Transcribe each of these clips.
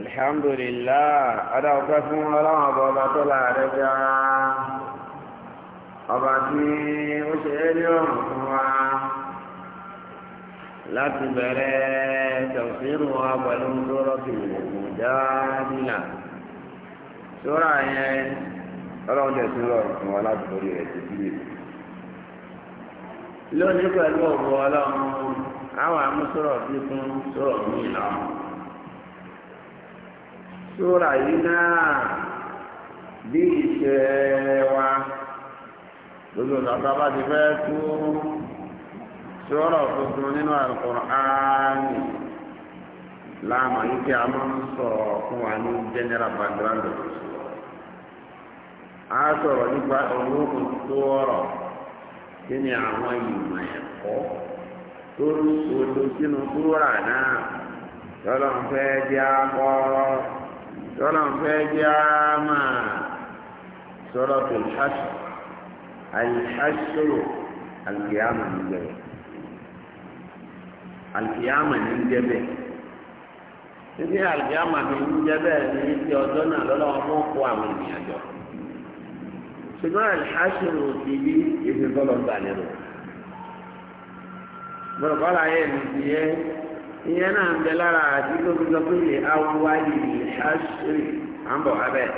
alhamdulillah ọdá ọpẹ́ fún ọlọ́run ọba ọba tó láàrẹ já ọba tí ó ṣe é ní ọ̀rùn wa láti bẹ̀rẹ̀ tẹ̀síìrù wa pẹ̀lú sórọ́tì mùdáàdìlà sórà yẹn ọlọ́run rọrùn fún wa láti borí rẹ̀ ti bí lónìí pẹ̀lú ọlọ́run àwọn amúsọ̀rọ̀ sóra yi náà bí iṣẹ́ wa gbogbo ọ̀dọ́ bá ti fẹ́ tú sóra tuntun nínú Al-Kùránì láàmà yìí kí a máa ń fún wa ní general background a sọ̀rọ̀ nípa tó ni àwọn ìmọ̀ ẹ̀kọ́ tó ń sínú náà lọ́lọ́run fẹ́ jẹ́ tọ́lọ́n fẹ́ jẹ́ àmà sọ́rọ̀ tó ṣáṣù àìṣáṣòro alìkìyàmà ní jẹ́bẹ̀ alìkìyàmà ní jẹ́bẹ̀ títí alìkìyàmà ní jẹ́bẹ̀ ní ti ọjọ́ náà lọ́lọ́wọ́ fún kó àwọn ènìyàn jọ ṣùgbọ́n àìṣáṣòro ti bí ìfẹ́ tọ́lọ́ gbà lérò bọ̀dọ̀ kọ́lá yẹn ti yẹ ìyẹn náà ń bẹ lára àti tó fi sọ pé lè awáyé ìhásírì à ń bọ̀ abẹ́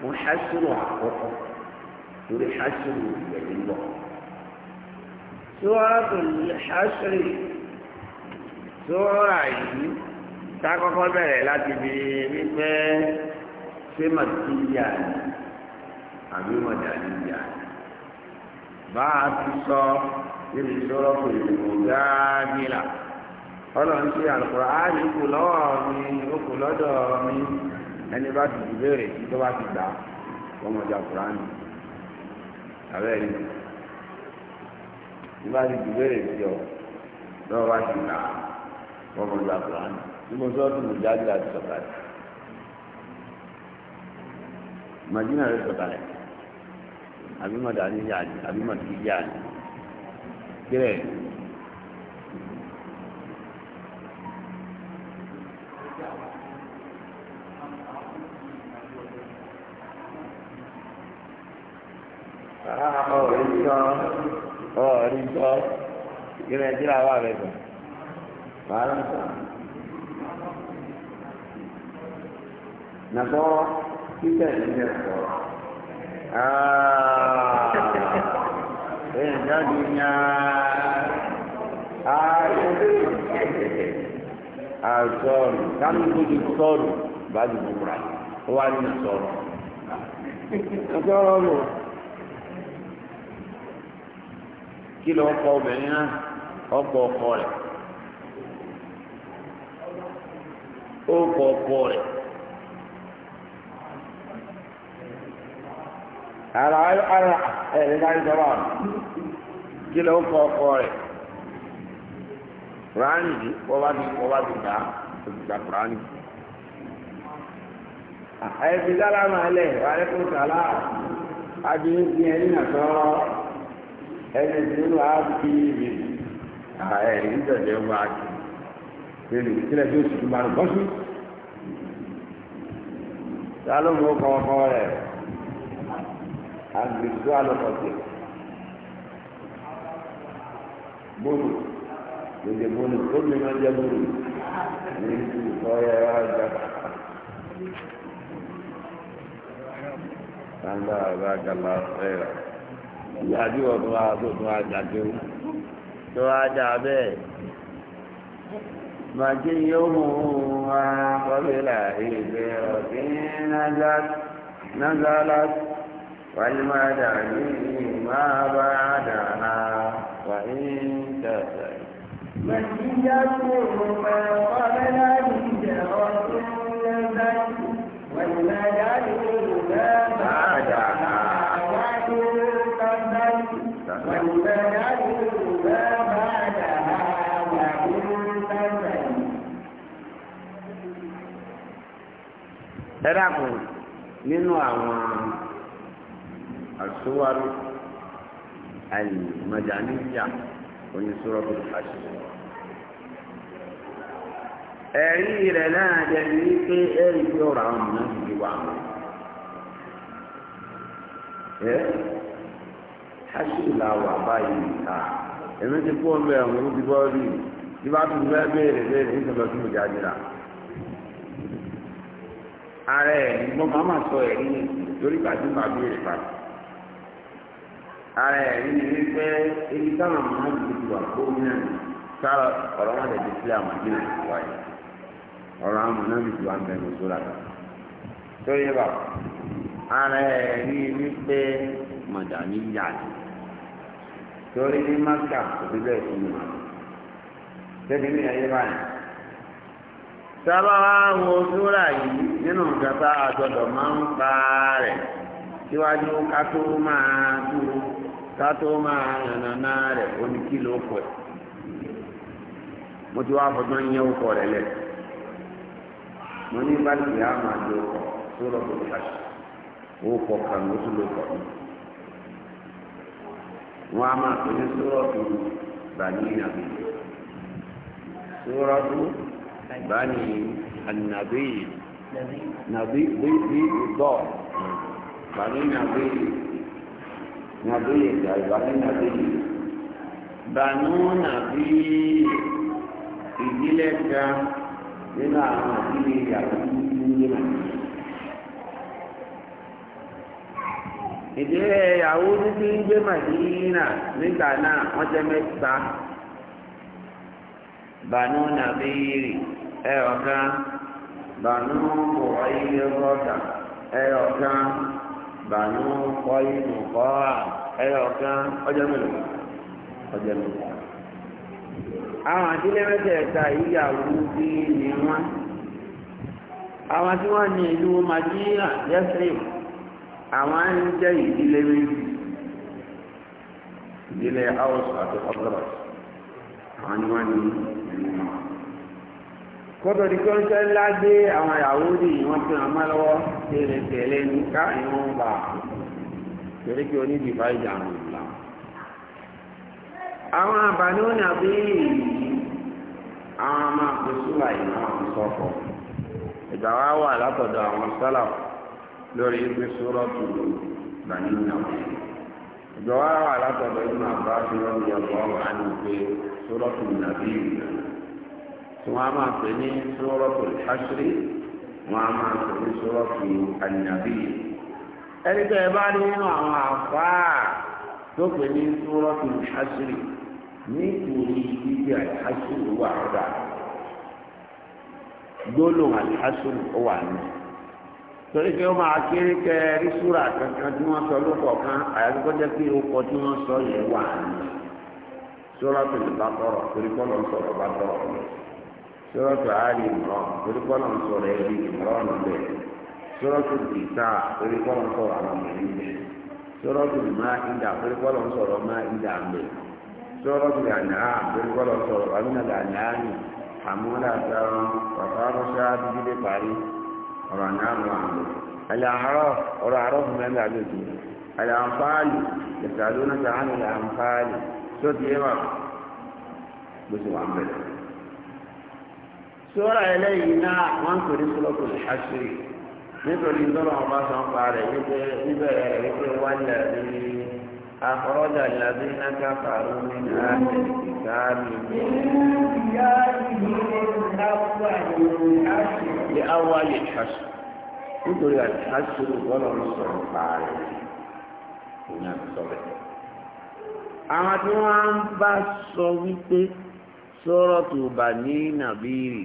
mo hásírò àkọ́kọ́ torí hásírò ìgbẹ̀yìn bọ̀. sọ́ọ́tù hásírì sọ́ọ́rà yìí sákọ́kọ́ bẹ̀rẹ̀ láti fi wípé ṣé màtíyà àbí mọ̀dàlíyà bá a ti sọ nínú sọ́ọ́rọ́ pẹ̀lú gáàmìlà ọlọ́run tí àlùkùránì kù lọ́wọ́ mi ó kù lọ́dọ̀ mi ẹni bá ti ìbéèrè tí tó bá ti gbà ọmọdé àlùkùránì àbẹ́ rí tí bá ti ìbéèrè tí ọ lọ́wọ́ bá ti gbà ọmọdé àlùkùránì tí mo sọ ọdún ìjáde àti sọ̀kalẹ̀ màdínà rẹ̀ sọ̀kalẹ̀ àbí màdà ní yáàdì àbí màdì yáàdì kílẹ̀ ìrìn ẹ̀jẹ̀ àwa rẹ̀ bẹ̀ wàhálà ń sọ. Nàbọ̀ títẹ̀ nílẹ̀ sọ. Ẹ̀yìn jáde nyá. Àṣọ̀rù kánú tó di sọ̀rù bá di bùbùrà. Ó wá nínú sọ̀rọ̀. Sọ̀rọ̀ lò. Kí ló kọ obìnrin náà? ọkọ ọkọ rẹ̀ ó rẹ̀. ara ara ẹ̀rẹ́ sáré sọ́wọ́ àná kí ló kọ ọkọ rẹ̀ kùránì yìí wọ́n bá ti wọ́n bá ti gbà á ti gbà wàlẹ́ kó sàlá ẹni nà ẹni ẹ̀rí ìjọ̀jẹ̀ wá jù lórí ìtìlẹ̀ tó sì máa ń bọ́sù. ta ló mú kọ́kọ́ rẹ̀ agbèsò alọ́kọ̀tì bónú lóde bónú tó ní ma jẹ bónú ní ìtúkọ̀ yẹ wá jà. Sanda ba gala ɛyɛ, yadu wa tó a tó tó a jà tó tó á dà bẹ́ẹ̀ màjí yóò mú wa kọ́bílà ìgbé ọ̀sìn nágálà wàlúmọ́dà ní máa bá dàná wà ní tẹ̀sẹ̀. màjí yá tó mú wa kọ́bílà ìgbé ọ̀sìn nágálà wàlúmọ́dà ní. ẹ dákun nínú àwọn àṣewárò àìmọ̀jáníyà oníṣòro àṣìṣe ẹ̀rí rẹ̀ náà jẹ́ wípé ẹ̀rí tí ọ̀rọ̀ àwọn ọmọ náà ti wà mọ́ ẹ́ ṣáṣìlá wà báyìí ta ẹ̀mí ti pọ̀ ti bọ́ rí ní ìjọba tó ara ẹ̀ mo máa máa sọ ẹ̀rí lórí ara ẹ̀rí ni wípé ibi táwọn máa ń gbèdú wà gómìnà ọ̀rọ̀ wọn di sílẹ̀ àmàdínà wáyé ọ̀rọ̀ àwọn náà gbèdú wà bẹ̀rù sóra kan tó yẹ bá ẹ̀rí wípé màdàní yà ni torí ní mákà òbí bẹ́ẹ̀ báyìí. sábà wá wo súrà yìí nínú ìjọba àjọdọ̀ máa ń pa rẹ̀ síwájú ká tó máa dúró ká tó máa yànnàná rẹ̀ oníkìlọ̀ mo ti wá fọdún rẹ̀ mo ní bá á máa lo ọkọ̀ tó a máa pè ní بني النبي نبي بي الضاد بني نبي نبي بني نبي بنو نبي ìdílé kan nínú àwọn ìdílé ìyàwó nínú ìdílé ìyàwó títí ń gbé màdínà nígbà náà wọ́n jẹ́ mẹ́ta bànú nàbíyìrì ẹ̀ọ̀kan bànú kọ̀ ilé kọ́ta bànú kọ́ inú kọ́ ọjọ́ mélòó ọjọ́ mélòó. àwọn àdílé mẹ́tẹ̀ẹ̀ta ìyàwó bí ni wọ́n àwọn tí wọ́n ní ìlú madina yẹ́sìn àwọn ń jẹ́ ìdílé méjì ìdílé house àti ọgbọ̀rọ̀ àwọn ni wọ́n ní ìlú kótó di kó ń tẹ́ ńlá dé àwọn ìyàwó ní ìwọ̀n tí wọ́n máa lọ́wọ́ tẹ̀lé tẹ̀lé ní ká ìwọ̀n bá torí kí oníbi bá ìjà àwọn ìlà. àwọn àbáni ó ní àbí àwọn ọmọ àkóṣùlà ìlú àwọn sọ́kọ̀ ìgbà wa wà látọ̀dọ̀ àwọn sálà lórí ibi sọ́rọ̀ tó lò gbàní ìyàwó ìgbà wa wà látọ̀dọ̀ ìmọ̀ àbá wọn a máa pè ní sọ́rọ́pù àṣírí wọn a máa pè ní sọ́rọ́pù àyàbí ẹni tẹ́ ẹ bá rí nínú àwọn tó pè ní sọ́rọ́pù àṣírí nítorí ibi wà wà ní torí pé ó máa kéré kẹ rí kankan tí sọ lóko kan àyàtúkọ́ jẹ́ pé sọ yẹn wà ní torí ń sọ́rọ́tù àárẹ̀ ìmọ̀ràn torípọ́nà ń sọ̀rọ̀ ẹbí ìmọ̀ràn bẹ̀ sọ́rọ́tù ìta torípọ́nà ń sọ̀rọ̀ àwọn ọmọ bẹ̀ sọ́rọ́tù máa ń dà torípọ́nà ń sọ̀rọ̀ máa ń dà bẹ̀ sọ́rọ́tù ànáà torípọ́nà ń sọ̀rọ̀ àmúnàdà ànáà nì àmúnàdà sàrán pàtàkùnṣá dídé parí ọ̀rọ̀ sọ́ra eléyìí náà wọ́n ń pèrè sọ́lọ́kù ṣáṣírí nítorí ìdọ́rọ̀ ọba sọ pa rẹ̀ níbẹ̀rẹ̀ wípé wọ́n lè rí akọ́rọ́jà ìlàbí náà kàrú ní láti ìkáàmì. àwọn tí wọ́n bá sọ wípé sọ́rọ̀tù bà ní nàbírì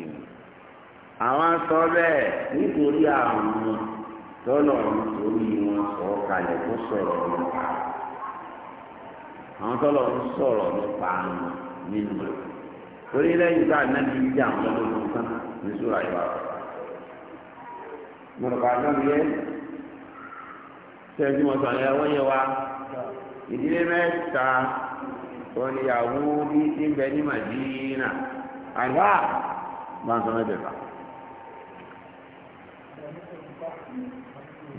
àwọn sọ bẹ́ẹ̀ nítorí àwọn tọ́lọ̀ nítorí wọn sọ kalẹ̀ tó sọ̀rọ̀ nípa àwọn tọ́lọ̀ ń sọ̀rọ̀ nípa àwọn nínú rẹ̀ torí lẹ́yìn tá a náà ti di àwọn ní náà yẹ tí mo sọ yẹ wọ́n yẹ wa ìdílé mẹ́ta. oníyàwó bí ti bẹ ní màdínà àgbà bá ń sọ mẹ́bẹ̀ẹ́ bá.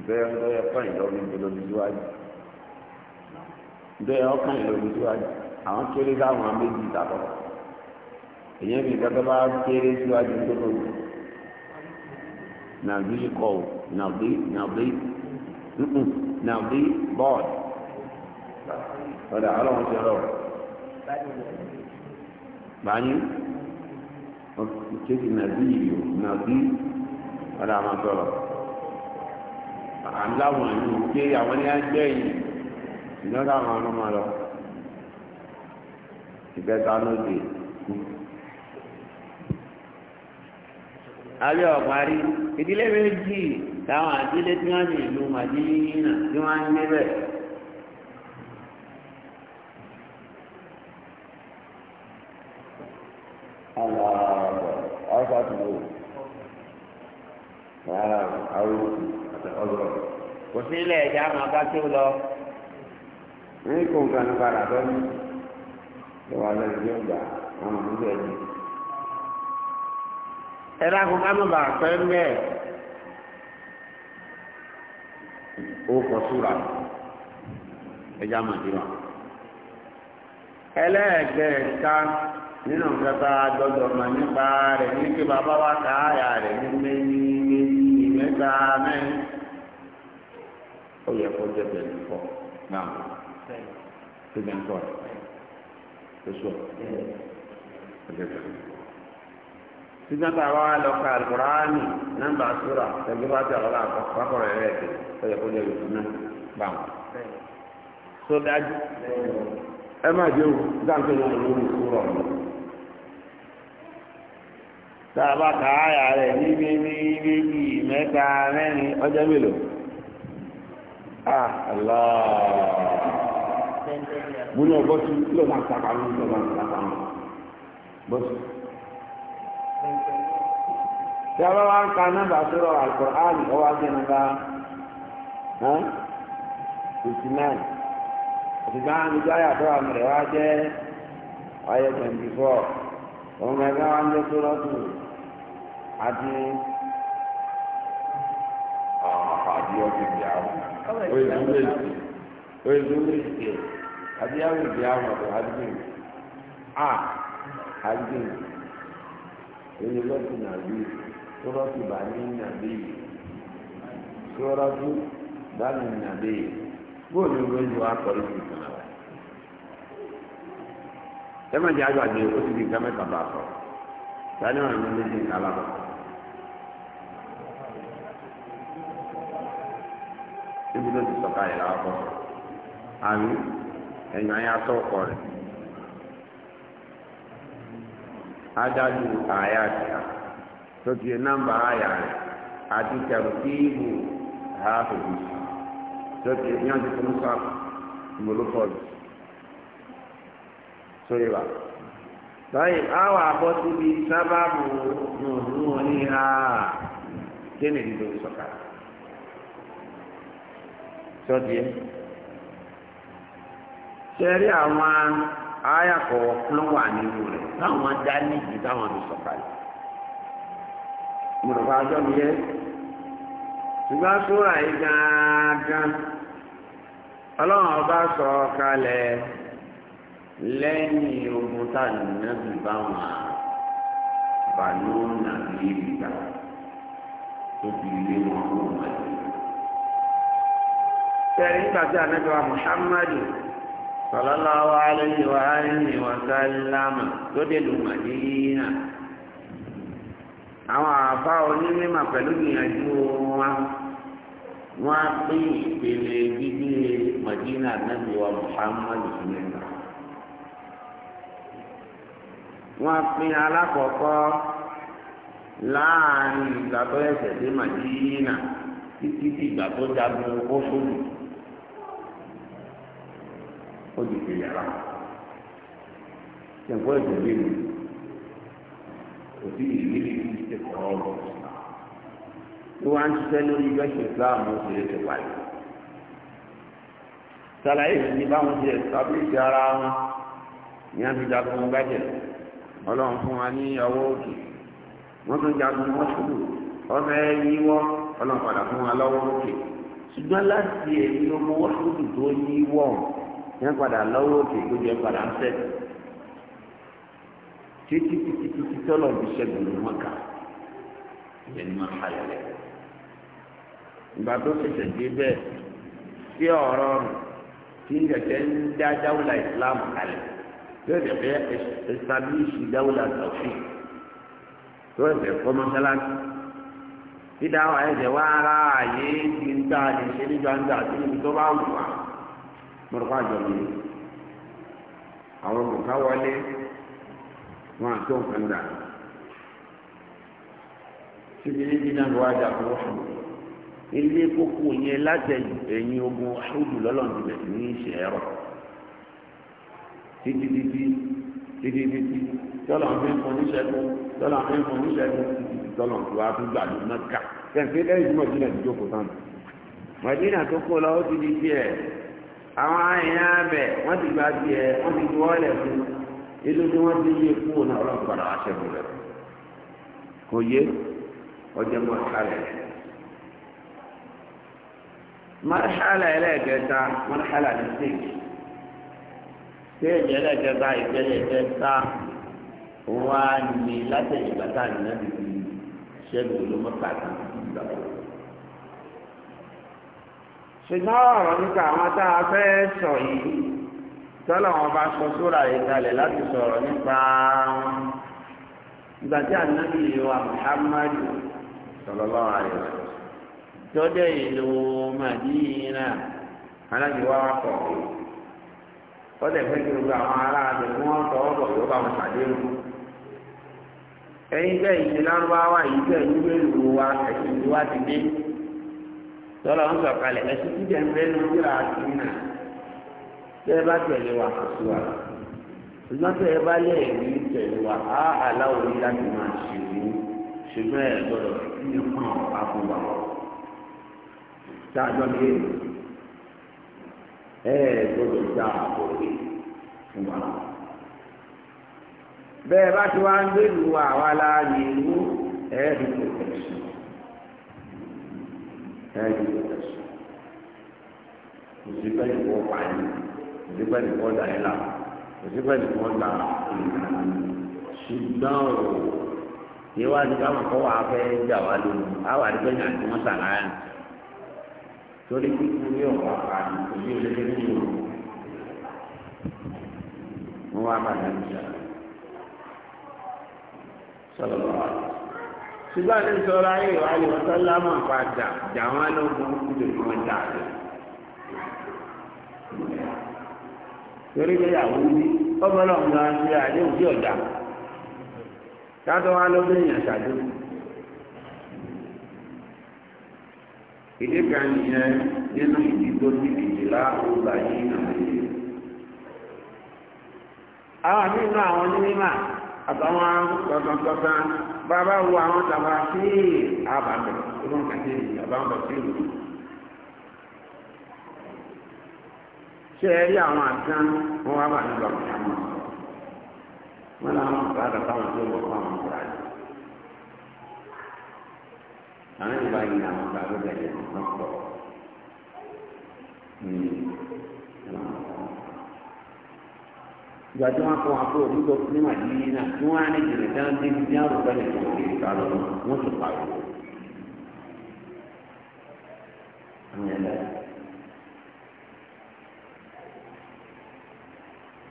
bẹ́ẹ̀ lọ́yẹ kọ́yìn lọ́wọ́ ní lóbi síwájú bẹ́ẹ̀ ọkàn lóbi síwájú àwọn kéré sáwọn méjì ìtàkọ́ èyí bí ìtàkọ́ bá kéré síwájú tó lóbi nàbí kọ́ nàbí nàbí nàbí bọ́ọ̀dù ọ̀dà ọlọ́run ti rọrùn. báyìí kéèkì nàbí yìí nàbí ọ̀dà àwọn sọ̀rọ̀ àláwọn yìí ké àwọn ní ẹgbẹ́ yìí ìnáwó àwọn ọmọ lọ ìgbẹ́ta lóde kú. abẹ́ ọ̀parí ìdílé méjì táwọn àdílé tí wọ́n ní ìlú tí wọ́n aláàbọ̀ ọ̀sà tó wò rárá àwọn àti ọ̀rọ̀ kò sí ilé ẹ̀já máa bá tó lọ ní kò ń kan padà tó ní ìwà lẹ́yìn tí ó gbà wọn mọ̀ níbẹ̀ ni. ẹ dákun ká má bàa pẹ́ mẹ́ẹ̀ ó kọ súra ẹ̀já máa dì wá ẹlẹ́ẹ̀kẹ́ẹ̀ká. nínú kẹta gbọ́dọ̀ mọ̀ nípa rẹ̀ ní kí bàbá wa kà á yà rẹ̀ ní méjì méjì mẹ́ta mẹ́rin ó yẹ kó náà ń tó sọ ó jẹ bẹ́ẹ̀ a bá lọ ka alukuraani tàbá kàáyà rẹ̀ níbi níbi bí mẹ́ta mẹ́rin ọjọ́ mélòó ah, Allah múlò bọ́sù ló máa sàkà ló máa sàkà bọ́sù. tàbá wa ń ka nọ́mbà sọ̀rọ̀ Al-Qur'an ọwọ́ àti nàbà fifty nine òṣìṣẹ́ àwọn ìjọ àyàtọ̀ àmì rẹ̀ wá jẹ́ ayé twenty four òun ẹ̀ka wa ń jẹ́ sọ́rọ́ tù. àti àpàdé ọ̀sẹ̀ ìdí àwọn oyèdúró èsì oyèdúró èsì àti ahụ ìdí àwọn ọ̀dọ̀ a à àdúgbò èyí na nàbí sọ́rọ́sù bàní na sọ́rọ́sù bàní nàbí bóòlù ìwé ìlú akọ̀rí ti kàn án. ẹ a sọ̀rọ̀ sani níbi tó ti sọ̀kalẹ̀ làwọn kọ̀ àmì ẹ̀yìn ayé atọ́ rẹ̀ adájú àyà tó ti nọ́mbà àyà rẹ̀ àti tẹ̀rùtíìbù àáfẹ̀bù tó ti yẹ fún sáàpù ìmọ̀lúfọ̀lù sórí wa báyìí àwọn àbọ̀ síbi sábàbù nùnú oníhà kí ni ṣọ́ọ̀dì ẹ̀ rí àwọn ayàkọ̀ kan wà rẹ̀ láwọn dá nídìí táwọn fi sọ̀kalẹ̀ mo rò ọjọ́ mi yẹ ṣùgbọ́n ọlọ́run ọba sọ kalẹ̀ lẹ́yìn ogun tá nàbì bá wọn bàánú ìgbà tó fi lé tẹ́rí nígbàtí ànẹ́bíwá muhammadu sallallahu alayhi wa alihi wa sallama tó dé lu Madina àwọn àbá onímọ̀ pẹ̀lú ìyànjú wọn wọn á pín ìpele gbígbé Madina ànẹ́bíwá muhammadu sílẹ̀ wọn pín alákọ̀ọ́kọ́ láàrin ìgbà tó dé Madina títí dìgbà tó jagun ó fòlù. ó dìde yàrá ṣẹ̀gbọ́n ẹ̀jẹ̀ léwu kò sí yẹn padà lọ́wọ́ òkè gbogbo padà ń fẹ́ títí títí títí tọ́lọ̀ fi ṣẹ́gun ní mọ́kà ìyẹn ni máa fa yẹlẹ. ìgbà tó ṣẹ̀ṣẹ̀ dé bẹ́ẹ̀ sí ọ̀rọ̀ tí kẹ̀kẹ́ ń dá dáwùlà ìsìlámù kalẹ̀ yóò dẹ̀ dáwùlà yóò dẹ̀ kọ́ ẹ̀jẹ̀ wá ara ti ń àdìsẹ́ níjọ́ àti tó bá wù wá. mọ̀rọ̀kọ́ àjọ mi àwọn bùkà wọlé wọn àti òǹkà ńlá síbi níbi náà lọ́wọ́ àjà fún wọ́n ilé kókó yẹn láti ẹ̀yìn ogun ṣùdù lọ́lọ́ọ̀dún bẹ̀rẹ̀ ní ìṣẹ̀ ẹ̀rọ títí títí títí títí tọ́lọ̀ ń fi ń fún níṣẹ́gun tọ́lọ̀ ń fi ń fún níṣẹ́gun títí tọ́lọ̀ tó wá fún gbàdúrà mẹ́ka tẹ̀sí lẹ́yìn tí mọ̀jìnà ti jókòó sáà mọ̀jìnà tó kó lọ ó ti di tiẹ̀ àwọn èèyàn abẹ wọ́n ti gba tiẹ̀ wọ́n ti ju ọ́lẹ̀ fún inú tí wọ́n ti yé kúrò náà ọlọ́run padà wá ṣẹ́gun rẹ̀ kò yé ọjọ́ mọ́ kálẹ̀ mọ́ṣálà ẹlẹ́ẹ̀kẹta mọ́ṣálà ní sèkì sèkì ẹlẹ́ẹ̀kẹta ìpẹ́lẹ̀ ẹ̀kẹta wá ní látẹ̀yìnbá tá a nìyẹn ti fi wọn ṣùgbọ́n ọ̀rọ̀ nípa àwọn tá a fẹ́ sọ yìí tọ́lọ̀ wọn bá sọ sóra ìdálẹ̀ láti sọ̀rọ̀ nípa ìgbà tí ànábì wa Muhammadu sallallahu alaihi wasallam tọ́jọ́ ìlú Madina alájùwá wa kọ̀ ó dẹ̀ fẹ́ kí gbogbo àwọn ará fún wọn tọ́ ọ̀bọ̀ yóò bá wọn ṣàdéhùn ẹ̀yin bẹ́ẹ̀ ìṣe lárúbáwá yìí bẹ́ẹ̀ nígbèrú wa ẹ̀sìn tí wá ti dé tọ́lá ń sọ̀kalẹ̀ ẹ̀sìn tí jẹ́ ń bẹ́ nu yíra àti nà tẹ́ ẹ bá tẹ̀lé wa kò sí wa ṣùgbọ́n tẹ́ ẹ bá lé ẹ̀rí tẹ̀lé wa á aláwọ̀ yìí láti máa ṣe é ṣùgbọ́n ẹ̀ gbọ́dọ̀ kí ẹ pọ̀ àpò wa ṣáájú ọ̀gbẹ́ ẹ̀ gbọ́dọ̀ já àpò rẹ̀ fún wa. bẹ́ẹ̀ bá ti wá ń gbèrú àwa láàyè ìlú ẹ̀ẹ́dì láyé ìtẹ̀sùn kò sí o si pààyàn kò sí pẹ́ẹ́lí kọ́ dàílà kò sí pẹ́ẹ́lí kọ́ da ìlànà ṣùgbọ́n o ìwà ni káwọn kọ́ wàá fẹ́ jà wá lónìí àwọn àdìgbẹ́ ní àti wọ́n ha torí kíkú ní ṣùgbọ́n àti sọ̀rọ̀ ayé ìwà àlùfáà lámà padà jà wọ́n lógun nítorí wọ́n dà rẹ̀. torí pé àwọn ibi ọmọ náà ń gan ṣe àdéhùn sí ọ̀dà tátọ́ ló bẹ́ẹ̀ yàn ṣàdéhùn. ìdí kan nínú ìdí tó ti yìí àwọn àmì inú àwọn onímọ̀ àtàwọn bàbá wo àwọn tàbá sí àbàbẹ̀ ọdún kàtí àbábọ̀ sí ìlú ṣe ẹ rí àwọn àdán wọn wá bà nígbà mọ̀tàmọ́ wọn làwọn bàbá táwọn tó wọ́n fún àwọn ọ̀rọ̀ àjọ àwọn ìgbà yìí àwọn bàbá bẹ̀rẹ̀ lọ́pọ̀ ní ìlànà ìgbà tí wọn kọ wọn kúrò nígbà ní màdínà tí wọn á ní jìnnà tí wọn dé ní ní àrùn pẹ̀lú ìtàn òkè ìta lọ wọn sì pariwo.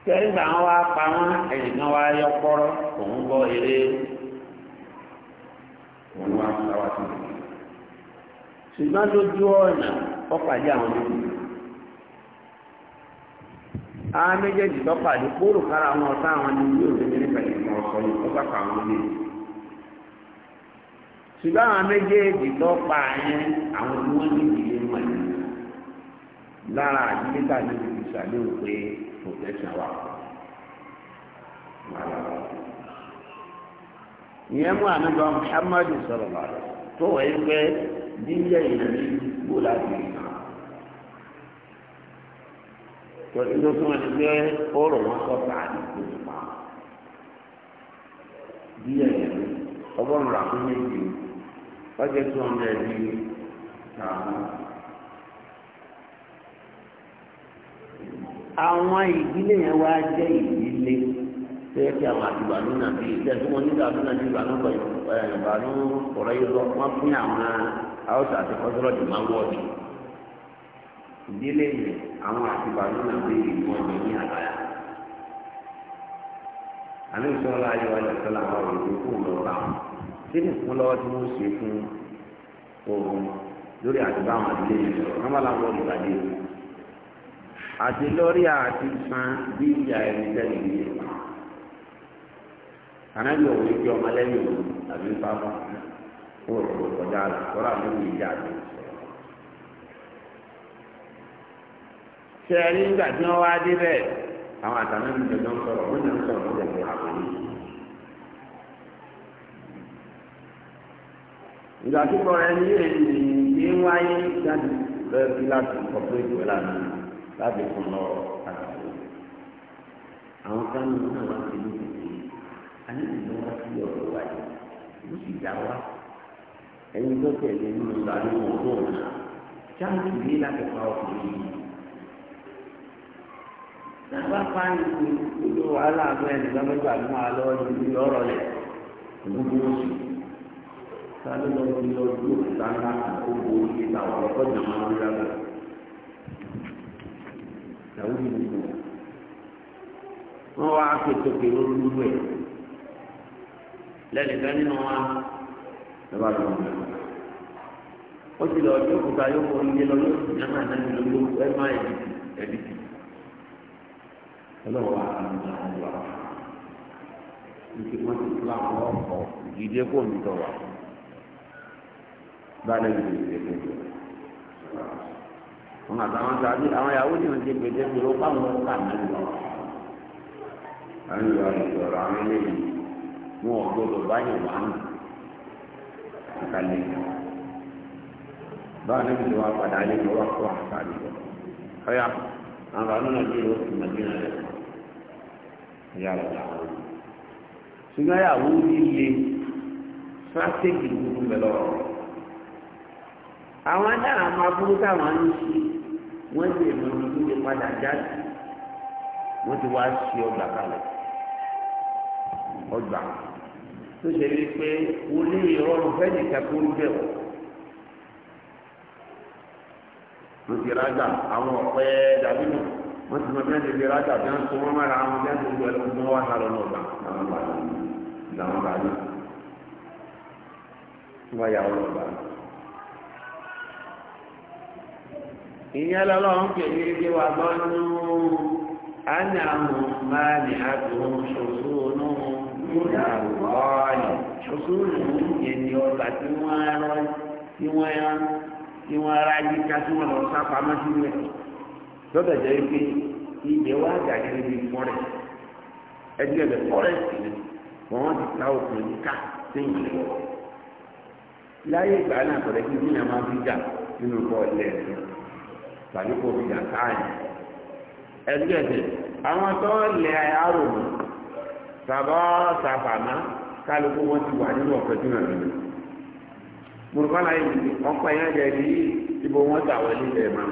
tẹ́lẹ̀ gbà wọn wá pa wọn ẹ̀yìn kan wá yọ kọ́rọ́ òun bọ́ eré òun wá sáwá sí i. ṣùgbọ́n lójú ọ̀nà ọ̀pàdé àwọn méjì. àwọn méjèèjì lọ́pàdé kóró kára àwọn ọ̀tá àwọn ni yóò lè ní nípa ìmọ̀ ọ̀sọ̀ yìí ó sàkà àwọn ilé ṣùgbọ́n àwọn méjèèjì lọ́pà yẹn àwọn ni wọ́n ní ìdílé yìí lára àdílé tàbí òpè protection wà ìyẹn mú Muhammadu tó wọ́n pé torí ló tún ẹni pé ọ̀rọ̀ wọn pa bí ẹyẹ rà fún méjì bẹ di àwọn. àwọn ìdílé yẹn wá jẹ́ ìdílé tó kí àwọn àdìgbà ló bí ìdílé tí wọn nígbà ló yìí lọ wọn fún àwọn haúsá àti kọsọrọ àwọn àtibàdàn náà béèrè ní ọ̀gbìn ní àbáyà. àmì ìṣọ́lá ayọ̀ ayọ̀sọ́lá àwọn òyìnbó kù lọ́wọ́ àwọn tí ní fún lọ́wọ́ tí wọ́n ṣe fún òun lórí àtibá àwọn àdílé yìí sọ̀rọ̀ kán bá láwọn ìbàdí àti lórí àti san bí ìyá ẹni tẹ́lẹ̀ ní ìlú ànábì òun kí ọmọ òun àbí fáfá ó rò kọjá rẹ̀ kọ́ra ṣe rí nígbà tí wọ́n wá dé bẹ́ẹ̀ àwọn àtàwọn ẹni jọjọ ń sọ̀rọ̀ wọ́n náà ń sọ̀rọ̀ wọ́n jẹ̀jẹ̀ àwọn yìí. ìgbà tí kò rẹ ní èyí ní wáyé jáde lọ́yọ́ sí láti kọ̀pọ̀ ìwé lánàá láti fún lọ àtàwọn. àwọn kan ní wọn wá sí lókè pé a ní ìlú wá sí ọ̀rọ̀ wáyé ó sì dá wá ẹni tó tẹ̀lé nínú ìgbà ní òun náà jáde ìwé láti pa ọkùnrin yìí nàbà fáyì kò ló wàhálà àgbẹ̀ ẹnìkan mẹ́fà mú alọ́ ní ọ̀rọ̀ rẹ̀ gbogbo oṣù sáré lọ sí ọdún òkúta ńlá gbogbo oṣù làwọn ọkọ̀ jẹ̀ máa ń rí àgbẹ̀ làwọn ìlú ìlú wọn wá akéèké kéré lórí ẹ̀ lẹ́nìkan nínú wa nàbà lọ́wọ́ mẹ́fà ó ti lọ ọjọ́ òkúta yóò kọ́ ilé lọ lóṣù náà náà ní lọ́wọ́ ẹ má ẹ̀dìtì ẹ̀dìtì ọlọ́wọ́ àtàwọn ọmọ wa nítorí wọ́n ti fúlà wọn ọ̀pọ̀ ìdílé kò ní tọ̀ wá báyìí lè dìde kò tó wọn àtàwọn tàbí àwọn ìyàwó ni wọn ti pété pé ó bá wọn kà mẹ́rin lọ àwọn ìyàwó ti ọ̀rọ̀ àwọn eléyìí wọn gbọdọ̀ báyìí wà nù àkàlẹ̀ báwọn ẹbí tí wọn padà lé wọn wá kó àkàlẹ̀ lọ ọ̀yà àwọn àwọn náà ti mọ̀ bí wọn rẹ̀ ìyàwó ìyàwó ṣùgbọ́n ìyàwó líle strategy gbogbo bẹ̀ lọ́rọ̀ àwọn adára máa burú táwọn ń ṣe wọ́n lè mọ ibi tó lè padà jáde wọ́n ti wá ṣe ọgbà kalẹ̀ ọgbà tó ṣe rí pé o lè rọrùn fẹ́ẹ̀lì kẹ́kọ̀ọ́ bẹ̀ wọ̀ mo ti rájà àwọn ọ̀pẹ dàbí nù. wọ́n ti ndị bí wọ́n ti fi rájà bí wọ́n so wọ́n máa ra àwọn bí wọ́n ti ẹlẹ́wọ̀n tí wọ́n wá sálọ náà gbà wọ́n ìyẹn lọ́lọ́ ń pè ní ibi máa ní ṣoṣo ṣoṣo yẹn lọ́dọ̀ jẹ́ pé ilẹ̀ wa dàgẹ́ níbi fọ́rẹ́sì ẹbí ẹ̀bẹ̀ fọ́rẹ́sì ni wọ́n ti ta òkun ní ká sẹ́yìn lọ́wọ́ láyé ìgbà náà kọ̀dẹ̀ kí ní àmà fi jà nínú bọ́ọ̀lù ẹ̀sìn tàbí kò fi jà káàyè ẹbí ẹ̀sìn àwọn tó ń lẹ àròmù tàbá sàfàmà kálukú wọn ti wà nínú ọ̀pẹ tó nàá nínú mùrùkọ́lá yìí ọkọ̀ yẹn jẹ́ bí ibo wọn tà wọlé ẹ̀ máa.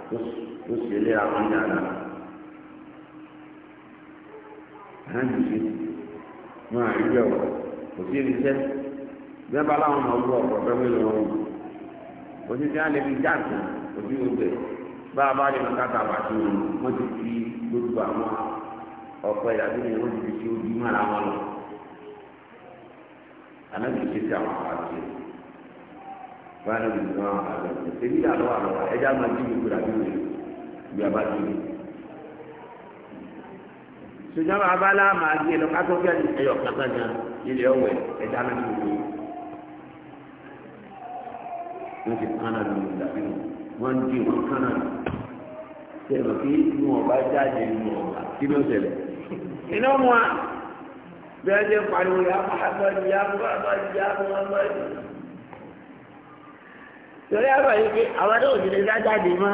ó sì lé àwọn yàrá àhájìṣe máa rí bẹ́ẹ̀ wọ̀ kò sí irinṣẹ́ bẹ́ẹ̀ láwọn ọmọ ọgbọ́n ọ̀pọ̀ fẹ́ wílò wọn kò sí tí wọ́n fi jáàkì kò sí gbogbo bá a bá lè máa káta àbàtì wọn ti fi gbogbo àwọn ni ti fi ṣe ojú lọ. àná ṣe ti àwọn wọn á lè gbọ́n àgbà ṣèlú àlọ́ àlọ́ ẹja máa dín ìlú àbí ìlú ìlú àbá dín ìlú. ṣùgbọ́n abala máa gbé lọ kátó bí ẹyọ kankan gan ilé ọ̀wẹ̀ ẹja máa dín ìlú. wọ́n ti kán náà lórí ìdàbí wọn dín wọn kán náà sẹ́nu kí inú ọba jáde inú ọba kí ló ṣẹlẹ̀. iná mu a bẹ́ẹ̀ ni pariwo yà máa bá yà máa bá yà máa bá yà torí àbá yìí pé àwọn tó òjì lè dá jáde mọ́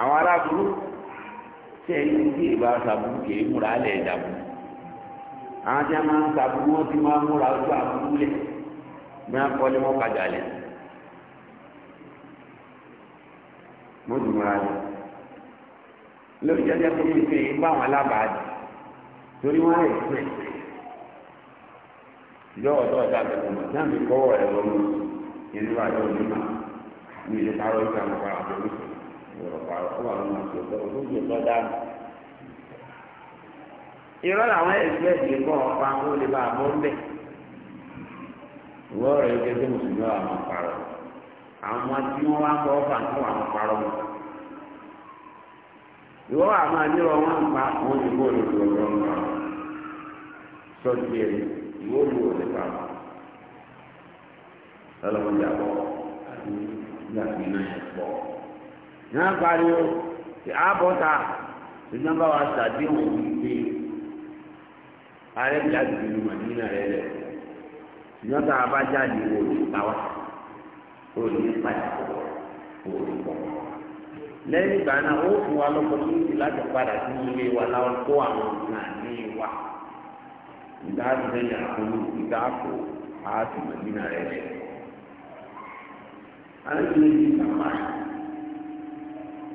àwọn aráburú tí ẹ̀yìn tí ìbá sàbúrú kì í múra lẹ̀ dàbú àwọn tí a máa ń sàbúrú wọn ti máa ń múra ojú àbúrú lẹ̀ bí wọ́n kọ́ ni wọ́n padà lẹ̀ mo dùn múra lẹ̀ lórí jẹ́jẹ́ tó ń pè é báwọn alábàá torí wọ́n rẹ̀ pẹ̀lú yọ̀ọ̀ tó ọ̀dà àgbẹ̀kọ̀ mọ̀ tí a fi kọ́ ọ̀rẹ́ lọ́nu inú àjọ onímọ̀ ní ilé parọ́ ìgbà mọ̀ para tó ní ìrọ̀ parọ́ fún àwọn ọmọ tó tọ́ ọdún tó tọ́ dá. irọ́ làwọn ẹgbẹ́ ìdílé kọ́ ọ̀pá ó lè bá a bọ́ ń bẹ̀. ìwọ ọ̀rọ̀ yìí kẹ́kẹ́ mùsùlùmí àwọn parọ́ àwọn tí wọ́n wá ń bọ́ ọ̀fà ń fún àwọn parọ́ wọn. ìwọ àwọn àdírọ̀ wọn pa àwọn ìbò olùdó yóò lò ó nípa ọlọ́run yàgbọ́ àti yàgbé náà yẹn pọ̀. yàrá pariwo ti àbọ̀ ta ṣùgbọ́n bá wa ṣàdéhùn wípé ààrẹ jáde nínú màdínà rẹ lẹ ṣùgbọ́n tá a bá jáde wò ní pàwá ó ní padà wò ní pọ̀. lẹ́yìn ìgbà náà ó fún wa lọ́kọ̀ọ́ sí láti padà sí ilé wa láwọn kó àwọn nǹkan ní wa. ìdá àtìlẹyìn àkọlù ìdá àpò àti màdínà rẹ rẹ alẹ́sìn yìí na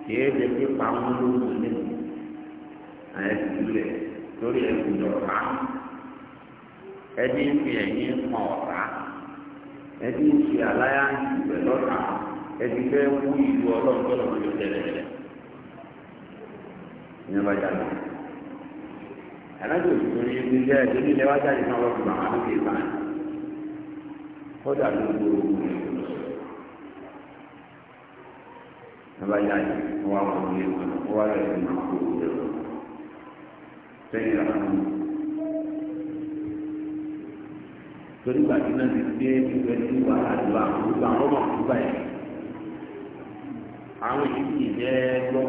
kìí ṣe pé pàmò lóhùn nínú àyẹ̀sìn rẹ lórí ẹ̀sìn ọ̀tá ẹni fi ẹ̀yìn pọ̀ ọ̀tá ẹni fi aláyàǹsì rẹ lọ́tà ẹni fẹ́ wú ìlú ọlọ́run tó lọ́wọ́ alájò ìtòrí ibi jẹ́ ẹ̀jẹ̀ nílẹ̀ wá jáde náà lọ́dún bàbá lókè báyìí kọ́dà ló gbòòrò òun ní ìlú lọ́ba jáde wọ́n wá wọn ní ìlú wọ́n wá rẹ̀ ní ìlú òun ní ìlú torí gbàgbé náà ti dé ìgbẹ́ tí wà á lọ àwọn olùgbà àwọn ọmọ òkú báyìí àwọn èyí kì í jẹ́ gbọ́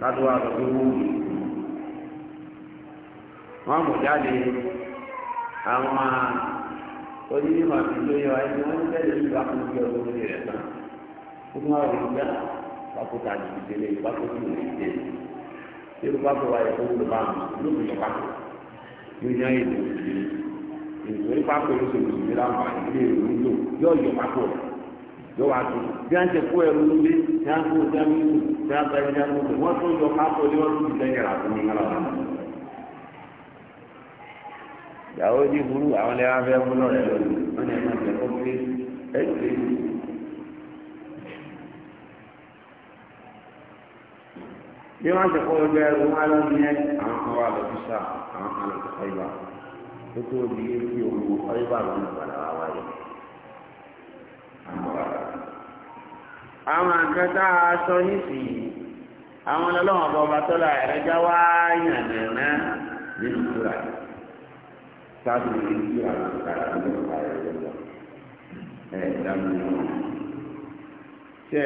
kádùá lọ́dún wọ́n wọ́n mú jáde àwọn onímọ̀ àti lóyè wa ẹni wọ́n tẹ̀lé ìgbà fún bí ọdún lórí rẹ̀ tán ó tún wà wọ́n gbá pákótà àdìgbò tẹ̀lé ìpákótì òní tẹ̀ tí ó bá bọ̀ wáyé tó wúlò bá wọn lóbi lọ pákó yóò yá èdè òṣèlú ìwé pákó ló ṣe òṣèlú láǹfààní ilé ìlú nílò yóò yọ pákó rẹ̀ yóò wá tó bí wọ́n ti kó ẹrú nílé tí wọ́n kó jámínú tí wọ́n bá ẹni jámínú wọ́n tó yọ pákó lé wọ́n tó ti ìyàwó ní burú àwọn ilé wa fẹ́ mú lọ́rẹ̀ lórí wọn ni ẹ̀ma jẹ kó pé ẹ̀jẹ̀ bí wọ́n ti kọ́ ọjọ́ ẹrù wọn lọ ní ẹ àwọn kan wà lọ́bí sá àwọn kan lọ́bí sá ibà tó tó di etí òun ọ̀yẹ́bà lọ́nà padà wà wáyé àwọn padà aṣọ nísìnyí àwọn ọlọ́wọ́n bọ̀ bàtọ́lá ẹ̀rẹ́jà wáyà nàná nínú ìtura yìí sáájú ní kí àwọn ìkàrà tó lọ bá ẹ lọ ẹ dáhùn náà. ṣé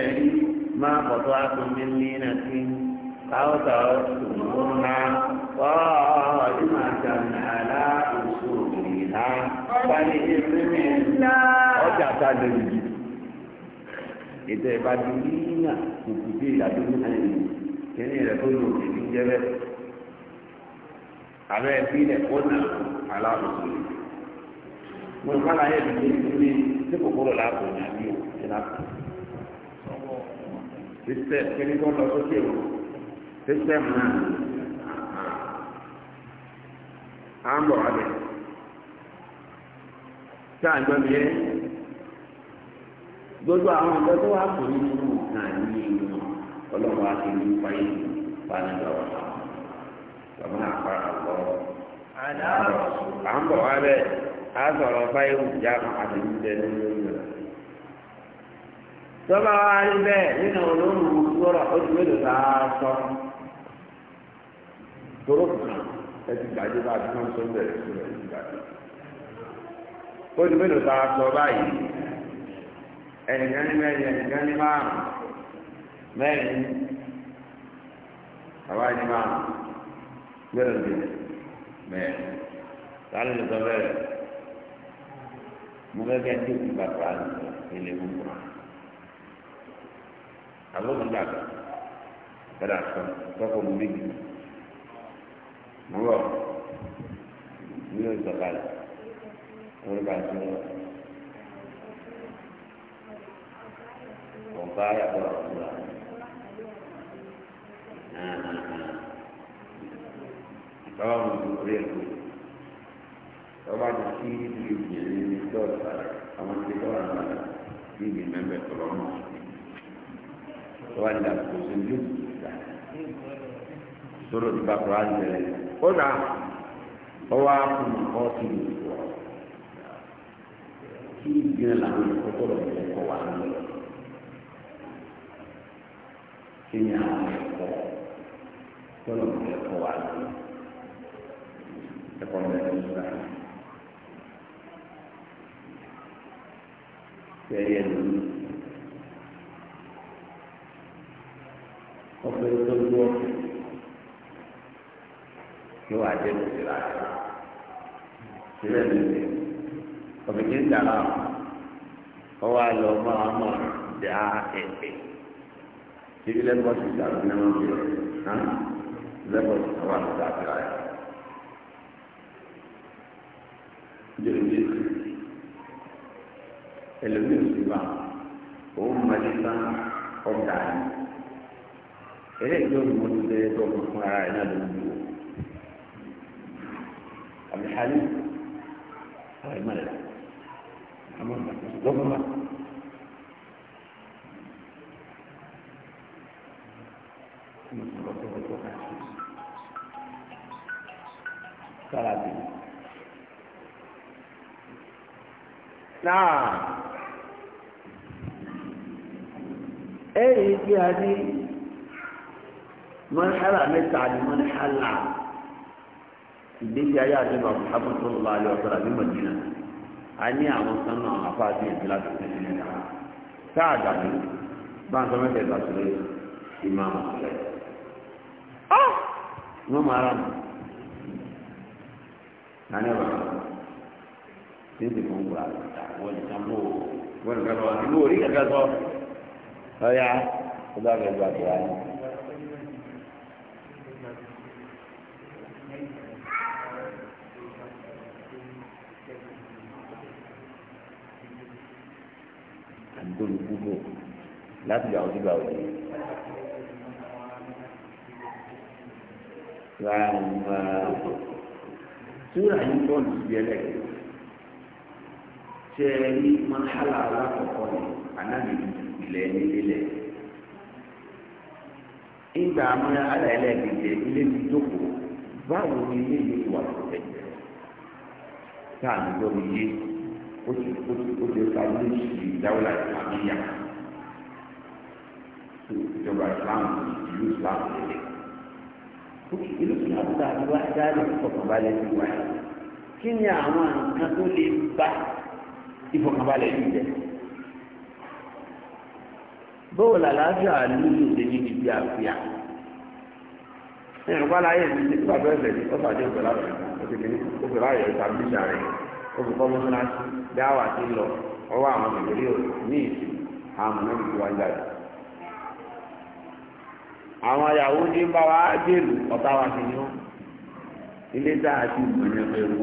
máa bọ̀tọ́ àtúndí ní nàkí káwọ́tà ọ̀tún náà wọ́ ọdún máa jẹun àlá oṣù ìlà wálé ìsinmi ńlá ọjà tá a lè jù. ètò ìbàdí yìí náà kò kù sí ìdádúró náà yìí kí ni ìrẹ́pọ̀ lòdì ní jẹ́rẹ́ abẹ́ ìpínlẹ̀ kó náà aláàbòsí ni mo ní kálá yẹn ní ní ní kòkòrò láàbò ní àbí o ní láàbò sísẹm kẹni tó lọ sókè o sísẹm náà à ń bọ̀ abẹ tí a ń gbọ́ mi yẹ gbogbo àwọn ọ̀dọ́ tó wà kò ní nínú nǹkan àìní ìlú ọlọ́run á ti ní fáyé fáyé lọ́wọ́ bàbá náà fara lọ́wọ́ à ń bọ̀ wá bẹ́ẹ̀ á sọ̀rọ̀ báyìí ìjà kan àti ìjẹ ní lórí rẹ̀. tọ́ba wa rí bẹ́ẹ̀ nínú olóòrùn sọ̀rọ̀ ó ti mélòó tá a sọ tóró kan ẹ ti gbàdé bá a ti máa ń sọ bẹ́ẹ̀ sílẹ̀ ẹ ti gbàdé. ó mélòó tá a sọ báyìí ẹnìkan ní mẹ́rin ẹnìkan ní márùn mẹ́rin àwa ní márùn mẹ́rin bẹ́ẹ̀ mẹ́rin sáré lè sọ bẹ́ẹ̀ mo fẹ́ kẹ́ tí òkú bàbá ilé mú bọ̀ àbúrò dàgbà kẹ́dà sọ tọ́kọ̀ mú bíbí mo rọ̀ mi ò sọ kalẹ̀ orí bá sọ ọ̀gá yàtọ̀ ọ̀gá báwọn olùkórè ẹ̀kọ́ tọ́ba ti kí ìdílé ìjẹ̀lẹ̀ ní dọ́ọ̀tà àwọn ti dọ́ọ̀tà náà bí ìgbì mẹ́mẹ́ tọ́lọ́ mọ́ tọ́ba ti dàbò kò sí ní ìgbà sọ́dọ̀ ti bá kọ́ àjẹrẹ kódà ọwọ́ àkùnrin kọ́ ti lè wọ̀ kí ìgbìyànjú làwọn olùkọ́ tọ́lọ̀ ẹ̀kọ́ wà lọ́wọ́ kí ni àwọn ẹ̀kọ́ tọ́lọ̀ ẹ̀kọ́ wà lọ́wọ́ ẹ̀kọ́ mẹ́rin nígbà tí ẹ yẹ lórí ọ̀pẹ̀ tó gbọ́ yóò wá jẹ́ lóṣèlú àti sílẹ̀ lóṣèlú ọ̀pẹ̀ kí n dàrá ọwọ́ àlọ́ máa mọ̀ dá ẹ̀pẹ̀ tí ti dàrú ní jòlè ẹlòmíì sì wà òun mọ̀lẹ́ sàn ọ̀gá ni eléyìí ló ń mú ní lẹ́yìn tó kún fún ara rẹ̀ náà ló ń dúró àbí hali ọ̀rọ̀ ẹ̀ mọ̀lẹ́ àmọ́ lọ́gbọ́n wa. Gracias. náà ẹ̀rí pé a ní mọ́nìhálà mẹ́ta ní mọ́nìhálà ìgbésí ayé àdébà Muhammad sallallahu alaihi wa sallam ní Madina a ní àwọn sánú àwọn afáàdé ìdílé àti ìdílé náà táà dàbí bá ń sọ mẹ́tẹ̀ẹ̀ta sílẹ̀ ìmọ̀ àwọn ọ̀rẹ́ wọ́n máa rà mọ́ àníbàá tí ń sì fún gbà rẹ̀ wọn nìkan mú o wọn nìkan lọ àti mú orí kankan sọ ọyà ó bá fẹẹ gba àdúrà yìí. àdúgbò gbogbo bọ́ọ̀lù sí ẹlẹ́gbẹ̀ẹ́. tẹ ẹ ní mahala alákọ̀ọ́kọ́ ni anábì ilẹ̀ nílẹ̀. ìgbà amúra aláìlẹ́gbẹ̀jẹ̀ ilé mi jókòó báwo ni ilé yìí wà lọ́sẹ̀ tá à mi yé ó ti ó ti ó ti ka ní ìsì ìdáwọ́lá ìsàmìyà ìjọba ìlú wa kí ni àwọn nǹkan tó ìfọ̀kànbalẹ̀ yìí jẹ́ bóò làlàáfíà lóyún òde níbi bí àfíà ẹ̀rọ wáláyé ní ti pàdé ẹ̀sẹ̀ ní ọ̀sà àti òkèlà rẹ̀ òkèlà rẹ̀ ìtàbíṣà rẹ̀ olùkọ́ mọ́sálásí dáwà ti lọ ọwọ́ àwọn ìgbèrè ní ìsìn àmọ́ náà ti wá jáde àwọn ayàwó ní bá wa jèlù ọ̀tá wa ti ní ilé dáa ti gbọ̀nyẹ́ pẹ̀lú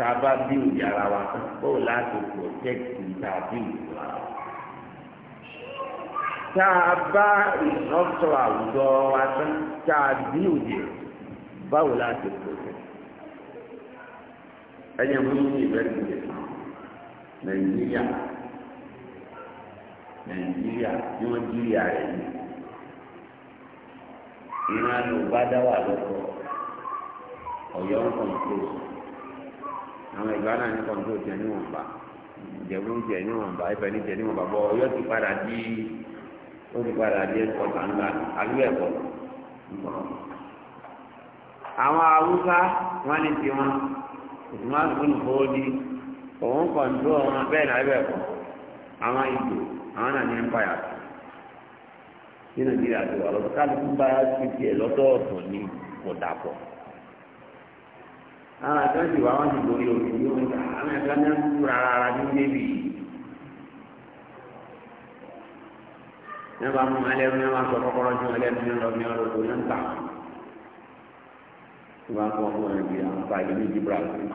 tá a bá bí òbí ara wa tán bóò láti pòtẹ́kì tá a bí òbí ara wa. tá a bá ìrọ́sọ̀ àwùjọ wa tán tá a bí òbí báwo láti pòtẹ́kì. ẹni àwọn yìí ní ìbẹ̀rẹ̀ nàìjíríà nàìjíríà ni wọ́n jíríà rẹ̀ ní. ìran ló bá dá wà lọ́kọ̀ ọ̀yọ́ ń kàn kúrò àwọn ìgbà náà ní kọ̀ǹtò tiẹ̀ níwọ̀nba ìjẹ̀bú tiẹ̀ níwọ̀nba ìfẹ́ ní tiẹ̀ níwọ̀nba bọ́ yóò ti padà di ó ti padà di ẹ̀kọ́ tàǹgà àlú ẹ̀kọ́. àwọn haúsá wọn ní tiwọn ìtumọ̀ àgbọ̀nù fọ́ọ́dí òun kọ̀ǹtò wọn bẹ́ẹ̀ náà ẹ̀bẹ̀ kọ̀ àwọn ìgbò àwọn náà ní ẹ̀mpáyà ní nàìjíríà tó wà lọ́tọ̀ kálukú bá ti tiẹ̀ lọ́tọ̀ọ̀tọ̀ ní kò dàpọ̀ àwọn àti wọn sì wá wọn sì borí omi yóò ń ta àwọn ẹ̀ka náà ń kú rárá rárá ní débi. nígbà mú alẹ́ mi máa sọ kọ́kọ́rọ́ sí alẹ́ mi lọ mi ọ̀rọ̀ tó ń ta. ìgbà kan fún ẹ̀ bí àwọn ọba ìlú méjì brazil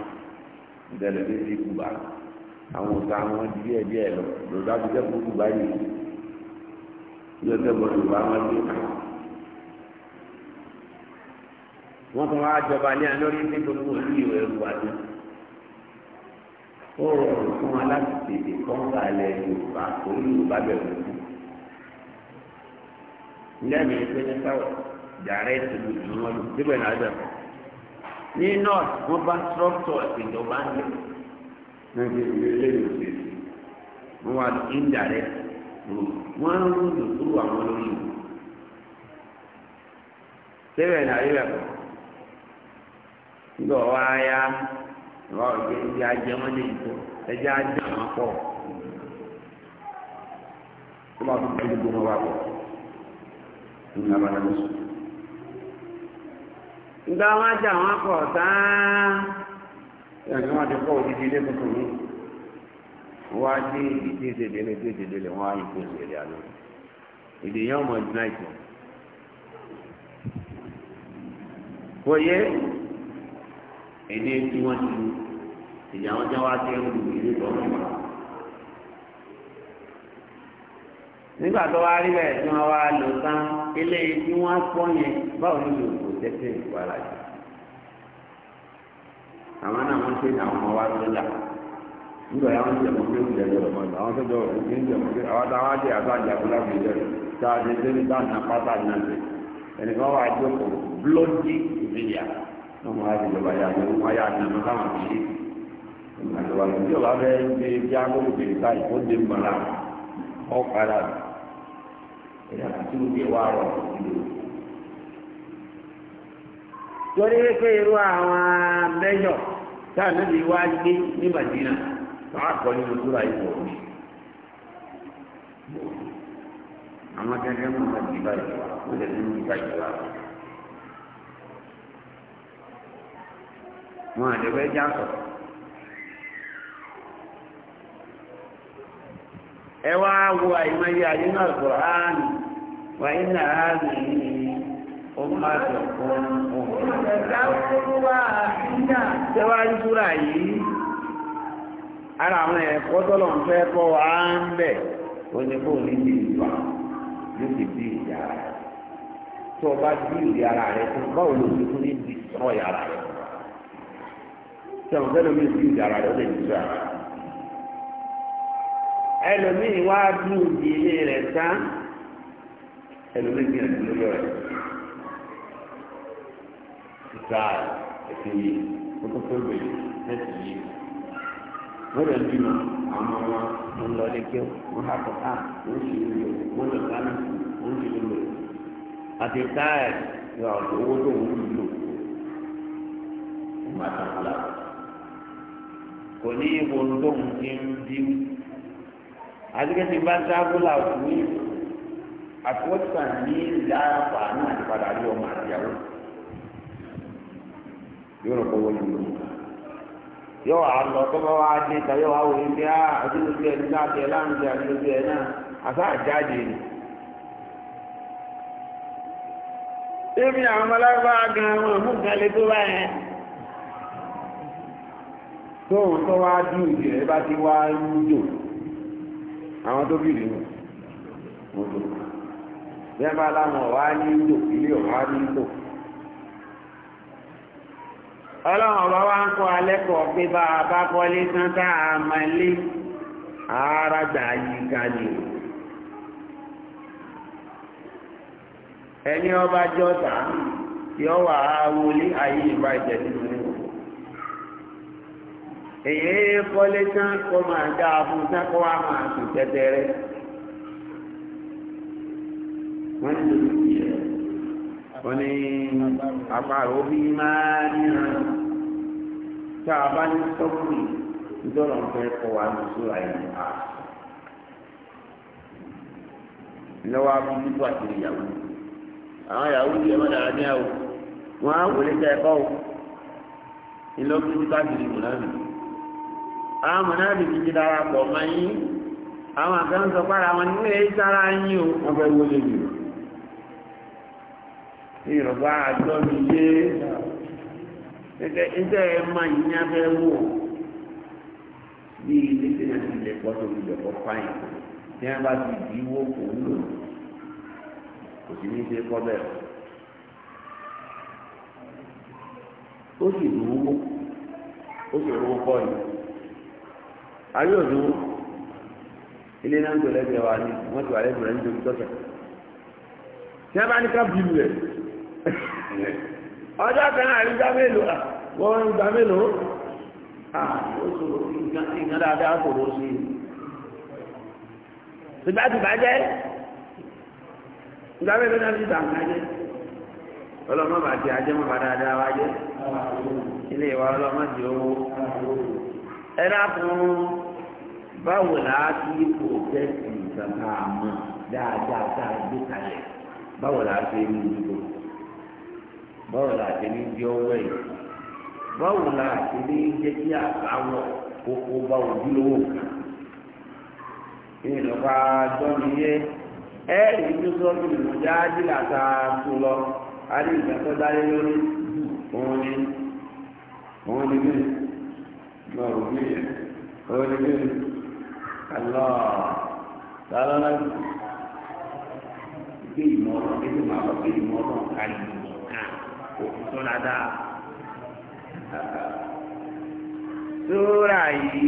ìdẹ̀lẹ̀ tó ti kú àwọn ọ̀gá wọn díẹ̀ díẹ̀ lọ lọ́dọ̀ àbújá kú báyìí yóò tẹ́ bọ̀ lọ́dọ̀ àwọn ẹgbẹ́ náà. wọ́n tún wá jọba ní alórí ní gbogbo ìlú lórí wa ó rọrùn fún wa láti tètè kọ́ńtà ilẹ̀ yorùbá torí yorùbá bẹ̀rù sí ilé pé ní sáwọ̀ yàrá ètò ìlú síbẹ̀ náà ní north wọ́n bá trọ́tọ̀ ìjọba ń lẹ̀ náà indirect wọ́n ń kúrò àwọn ìlú síbẹ̀ nígbà wá yá ìwà òjò ìdí ajé wọn lè tó ẹjẹ ajé wọn pọ̀ tó bá tó kéde gbogbo wa pọ̀ nínú abala ní sùn. nígbà wọn ajá wọn pọ̀ sáá ẹni wọn ti kọ́ òdìdí ilé tuntun mi wọn á dé ìdí ìdèdèlè ìdí ìdèdèlè wọn á yí kó ìdèdè àná èdè yẹn ọmọ ìdí ìtàn. wọ́n yé èdè tí wọ́n ti lu ìyá wọn já wá sí ẹrù ìlú tó ń bọ̀. nígbà tó wá rí bẹ́ẹ̀ tí wọ́n wá lò tán eléyìí tí wọ́n pọ̀ yẹn báwo ni yóò kó tẹ́tẹ́ ìwà lájà. àwọn náà wọ́n ṣe ní àwọn ọmọ wa sójà nígbà yà wọ́n ti ẹ̀mọ́ pé ìjẹ́ ìjọ lọ́mọ ìgbà wọ́n tó jọ òkú ń pé àwọn táwọn á jẹ́ àti àjàkúlá fi jẹ́ tá ti dé ní bá a pátá nà sí ẹnìkan wà á jókòó blóńdì ìfìyà ọmọ torí pé irú àwọn mẹ́yọ̀ tá níbi wá gbé ní Madina wọn á kọ́ nínú sóra ìwọ̀ mi. àwọn akẹ́kẹ́ mọ̀ ní ìbá ìjọba ó lè ní ìbá ìjọba. wọn àdẹ̀fẹ́ já sọ. ẹ wá wo àìmọye ayé náà sọ̀rọ̀ áàánì wà ní àárín yìí ó máa sọ fún òun. tẹ́wájú súra yìí ara àwọn ẹ̀kọ́ tọ́lọ̀ ń fẹ́ kọ́ wa ń bẹ̀ ó ní ìgbà ti bí ìyá rẹ̀ tó bá bí ìyá rẹ̀ báwo sẹ̀wọ̀n fẹ́ lómi ìlú ìdára rẹ̀ ó lè dùn ara ẹlòmíì wá dùn di ilé rẹ̀ tán ẹlòmíì gbìyànjú lórí ọ̀rẹ́ ìta ẹ̀sìn yìí ó tó tó gbèrè mẹ́sì yìí wọ́n lè bímọ àwọn ọmọ wọn lọ lé kí wọ́n hà kọ́ á ah, wọ́n sì ń lò wọ́n lọ sáré wọ́n sì ń lò àti táyà ìgbà owó tó ń lò wọ́n máa tàn án kò ní ibo tóun ti ń bíu àdìgẹ́sì bá dábòlà fún yìí àtúwọ́sà ní ìdáàbà náà ti padà rí ọmọ àtìyàwó yóò rọ̀ alọ lùlù yóò wà lọ tó wá dé ta yóò wá wò ní bí a àdúgbò ẹ̀ ní láti ẹ̀ láǹdí àdúgbò ẹ̀ náà tó ń tọ́ wá bí ìdí rẹ̀ bá ti wá ń jò àwọn tó bìrì nù wọ́n tó bí wọ́n bá láwọn ọ̀wá ní jò ilé ọ̀wá ní jò. ọlọ́run ọba wa ń kọ́ alẹ́ kọ́ pé bá a bá kọ́lé tán tá a máa lé ara gbà yí kalẹ̀. ẹni ọba jọta yọ wà á wọlé ayé ìbàjẹ́ nínú ní èyí kọ́lé tán kó máa dá a fún tán kó wá máa sùn tẹ́tẹ́rẹ́ wọ́n ní lórí ti ẹ̀ wọ́n ní àpárò bí máa níran tá a bá ní sọ́kùnrin ìjọba ń fẹ́ kọ́ wa ní sóra yìí a lọ́wọ́ abúlé tó àti ìyàwó àwọn ìyàwó yìí ẹ̀ má dára ní àwò wọ́n á wọlé tẹ́ ẹ̀kọ́ o ìlọ́kùnrin tó àti ìmọ̀ náà nìyí àwọn mọ̀nàbìkì ti darapọ̀ mọ́ yín àwọn àkàn sọ pára wọn ní èyí sára yín o wọ́n fẹ́ wọlé jù ìrọ̀bá àjọ mi yé ẹgbẹ́ ẹ̀ma yìí ní abẹ́ wò bí ilé tí wọ́n ti lè pọ̀ tó fi lè pọ̀ fáyìn tí wọ́n bá ti dì í wó kò ń lò kò sí ní ṣe kọ́ bẹ́ẹ̀ ó sì lówó ó sì lówó kọ́ yìí ayé òdòwó ilé náà ń tó lẹ́gbẹ̀ẹ́ wa ni wọ́n ti wà lẹ́gbẹ̀ẹ́ rẹ̀ nítorí tọ́sẹ̀ tí a bá ní ká bìlù rẹ̀ ọjọ́ kan náà rí gbá mélòó wọ́n ń gbá mélòó ìgbà dáadáa kò ló sí ìgbà tí bàjẹ́ ìgbà mélòó náà ti tàn kájẹ́ ọlọ́mọ bàtí ajẹ́ mọ́ bàtà dáadáa wájẹ́ ilé ìwà ọlọ́mọ ti owó ẹ̀dá fún un. báwo la á ti kò tẹ́sí ìjọba àmọ́ dáadáa tá a gbé kalẹ̀ báwo la á ní ìdúró báwo la ní ìdí ọwọ́ yìí báwo la ní jẹ́ kí àbáwọ̀ kókó bá kan Allah tààrà náà gbé ìmọ̀ ọ̀rọ̀ nínú màá lọ gbé ìmọ̀ ọ̀rọ̀ kàlí ká òkú tó dáadáa. Súrà yìí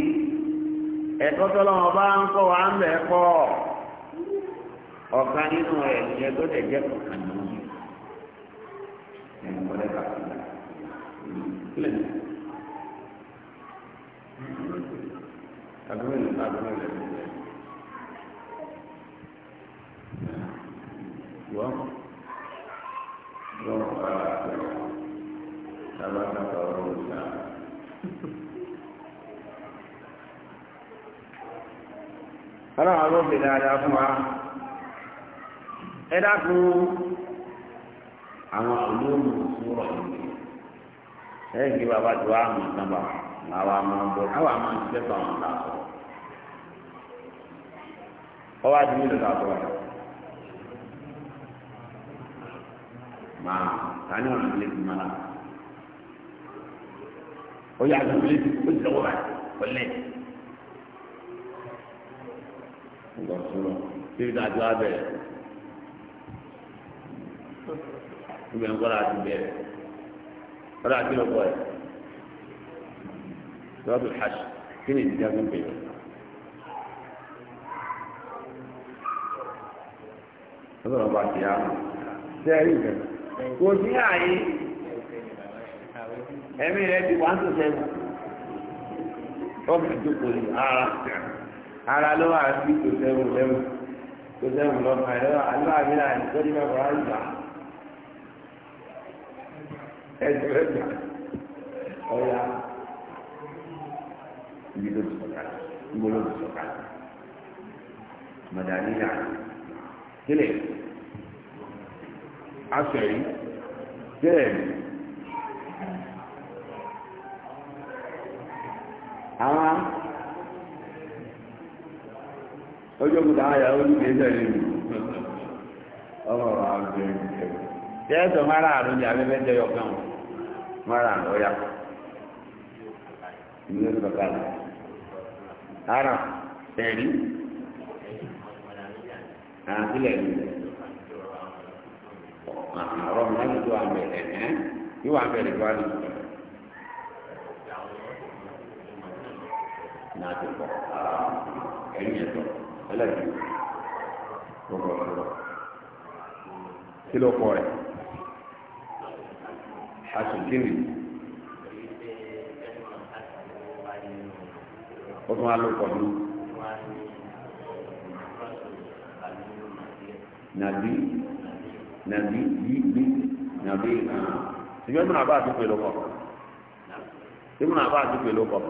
ẹ̀kọ́ tọ́lọ́wọ́ bá ń kọ́ wa ń bẹ̀ kọ́ ọ̀kan nínú ẹ̀ tó dẹ̀ jẹ́ kọ̀ọ̀kan nínú ẹ̀ ń wọlé kàkúrà. àdúgbò nípa àdúgbò lẹ́nu wọ́n wọ́n fà á sábà sábà ọ̀rọ̀ ìgbà. ọlọ́run àwọn òbí dáadáa fún wa ẹ dákun àwọn olóòmù sọ̀rọ̀ ẹ̀yìn kí bàbá tó wà mọ̀ sábà làwọn máa ń bọ̀ káwọn máa ń tẹ́tọ̀ àwọn làkọ̀ọ́ ọwọ́ àti mílò tààtọ wa máa tani wọn àti lẹbi mọlá ó yà àti lẹbi ó ti lọ́wọ́ báyìí kọlẹ ìgbà sọ̀rọ̀ bíbí náà ti wá bẹ̀rẹ̀ ìgbà ńkọ́ la bẹ̀rẹ̀ ọ̀rọ̀ àti lọ́kọ̀ ẹ̀ lọ́dún hàṣ kí ni ìdíjà fún bẹ̀rẹ̀. lọ́dọ̀ ọba kì á ṣe rí ìgbẹ́ kò sí ààyè ẹ̀mí rẹ ti wá ń tó sẹ́nu ọ̀gbìn tó kò ní ara ara ló wà sí tó sẹ́nu lẹ́nu tó sẹ́nu lọ́nà àìlọ́ àlọ́ àmìlà ìtọ́jú náà wà ń gbà ẹ̀sùn rẹ̀ gbà ọ̀ya ibi tó ti sọ̀kalẹ̀ ń gbọ́dọ̀ ti sọ̀kalẹ̀ mọ̀dàlí yàrá. kílẹ̀ asẹ̀rí bẹ́ẹ̀ àwọn ọjọ́ kúta àyà olùgbèsẹ̀ rẹ̀ ọmọ ọ̀rọ̀ àgbẹ̀ tẹ́ẹ̀sọ̀ mara àrùn ní abẹ́fẹ́ jẹ́ ọ̀gán mara àrùn ọ̀yà ìlú ẹ̀sọ̀ kàlẹ̀ ara ẹ̀rí àbílẹ̀ ni àrọ̀ máa ń tó àmì ẹ̀hẹ́ yóò wà bẹ̀rẹ̀ tó àmì náà ti pọ̀ ẹ̀yìn ẹ̀tọ́ ẹlẹ́bi gbogbo ọ̀rọ̀ kí ló kọ tún á ló kọ̀ nàbí nàbí yíbi nàbí ìkànnì ṣùgbọ́n ìmúna bá àti pèlú kọ̀ ìmúna bá àti pèlú kọ̀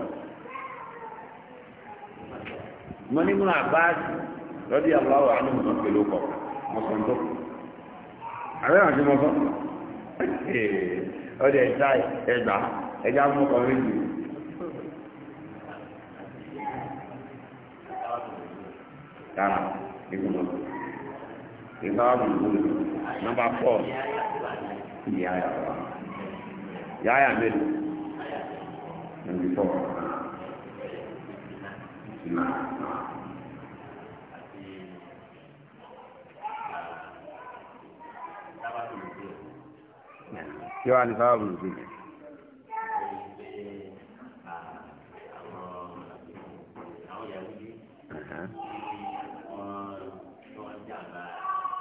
mo ní ìmúna bá lọ́dí àbúráwọ̀ àti ìmúna pèlú kọ̀ mọ̀sọ̀ntò àbẹ́ àti mọ̀sọ̀ ọdẹ ẹ̀dá ẹ̀dá ẹ̀dá mọ̀kọ̀ rí ju ìsáàbù ìwúlò nọ́mbà fọ́ ìyáyà wa yáyà mélòó níbi fọ́ ìnà. Kí wá ní sábà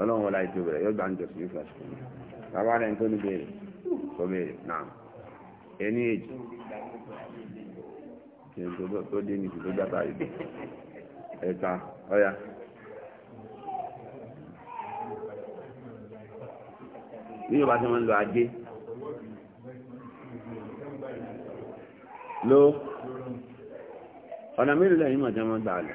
ọlọ́run wọlá ètò rẹ̀ yóò gbà ń jọ sí yóò fàṣẹ fún mi bàbá rẹ̀ tó ní béèrè tó béèrè náà ẹni èjì kí n tó dé ní ìdílé gbàtà ìdí ẹ̀ta ọ̀yà. bí yóò bá ti máa ń ajé ló ọ̀nà mélòó lẹ́yìn mọ̀ tí wọ́n gbà lọ.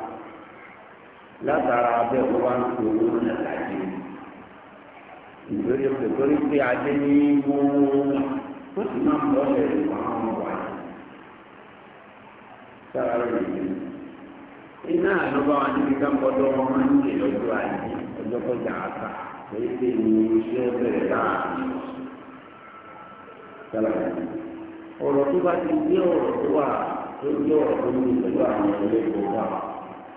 látara abẹ́ kó wá ń fi owó nàlá jẹ ìgbèrè pẹ̀lú pé adé ní wọ́n wọ́n sì máa ń bọ́ lẹ́yìn wọn àwọn ọmọ wa sára rẹ̀ yìí iná àlọ́bá wa níbi ká ń bọ́dọ̀ wọn máa ń lè lọ́jọ́ àìjí ọjọ́ kọjá àká èyí pé ní iṣẹ́ bẹ̀rẹ̀ láàrin sára rẹ̀ ọ̀rọ̀ tó bá ti gbé ọ̀rọ̀ tó wà tó gbé ọ̀rọ̀ tó ní pẹ̀lú àwọn ẹlẹ́gbẹ̀ẹ́ wa.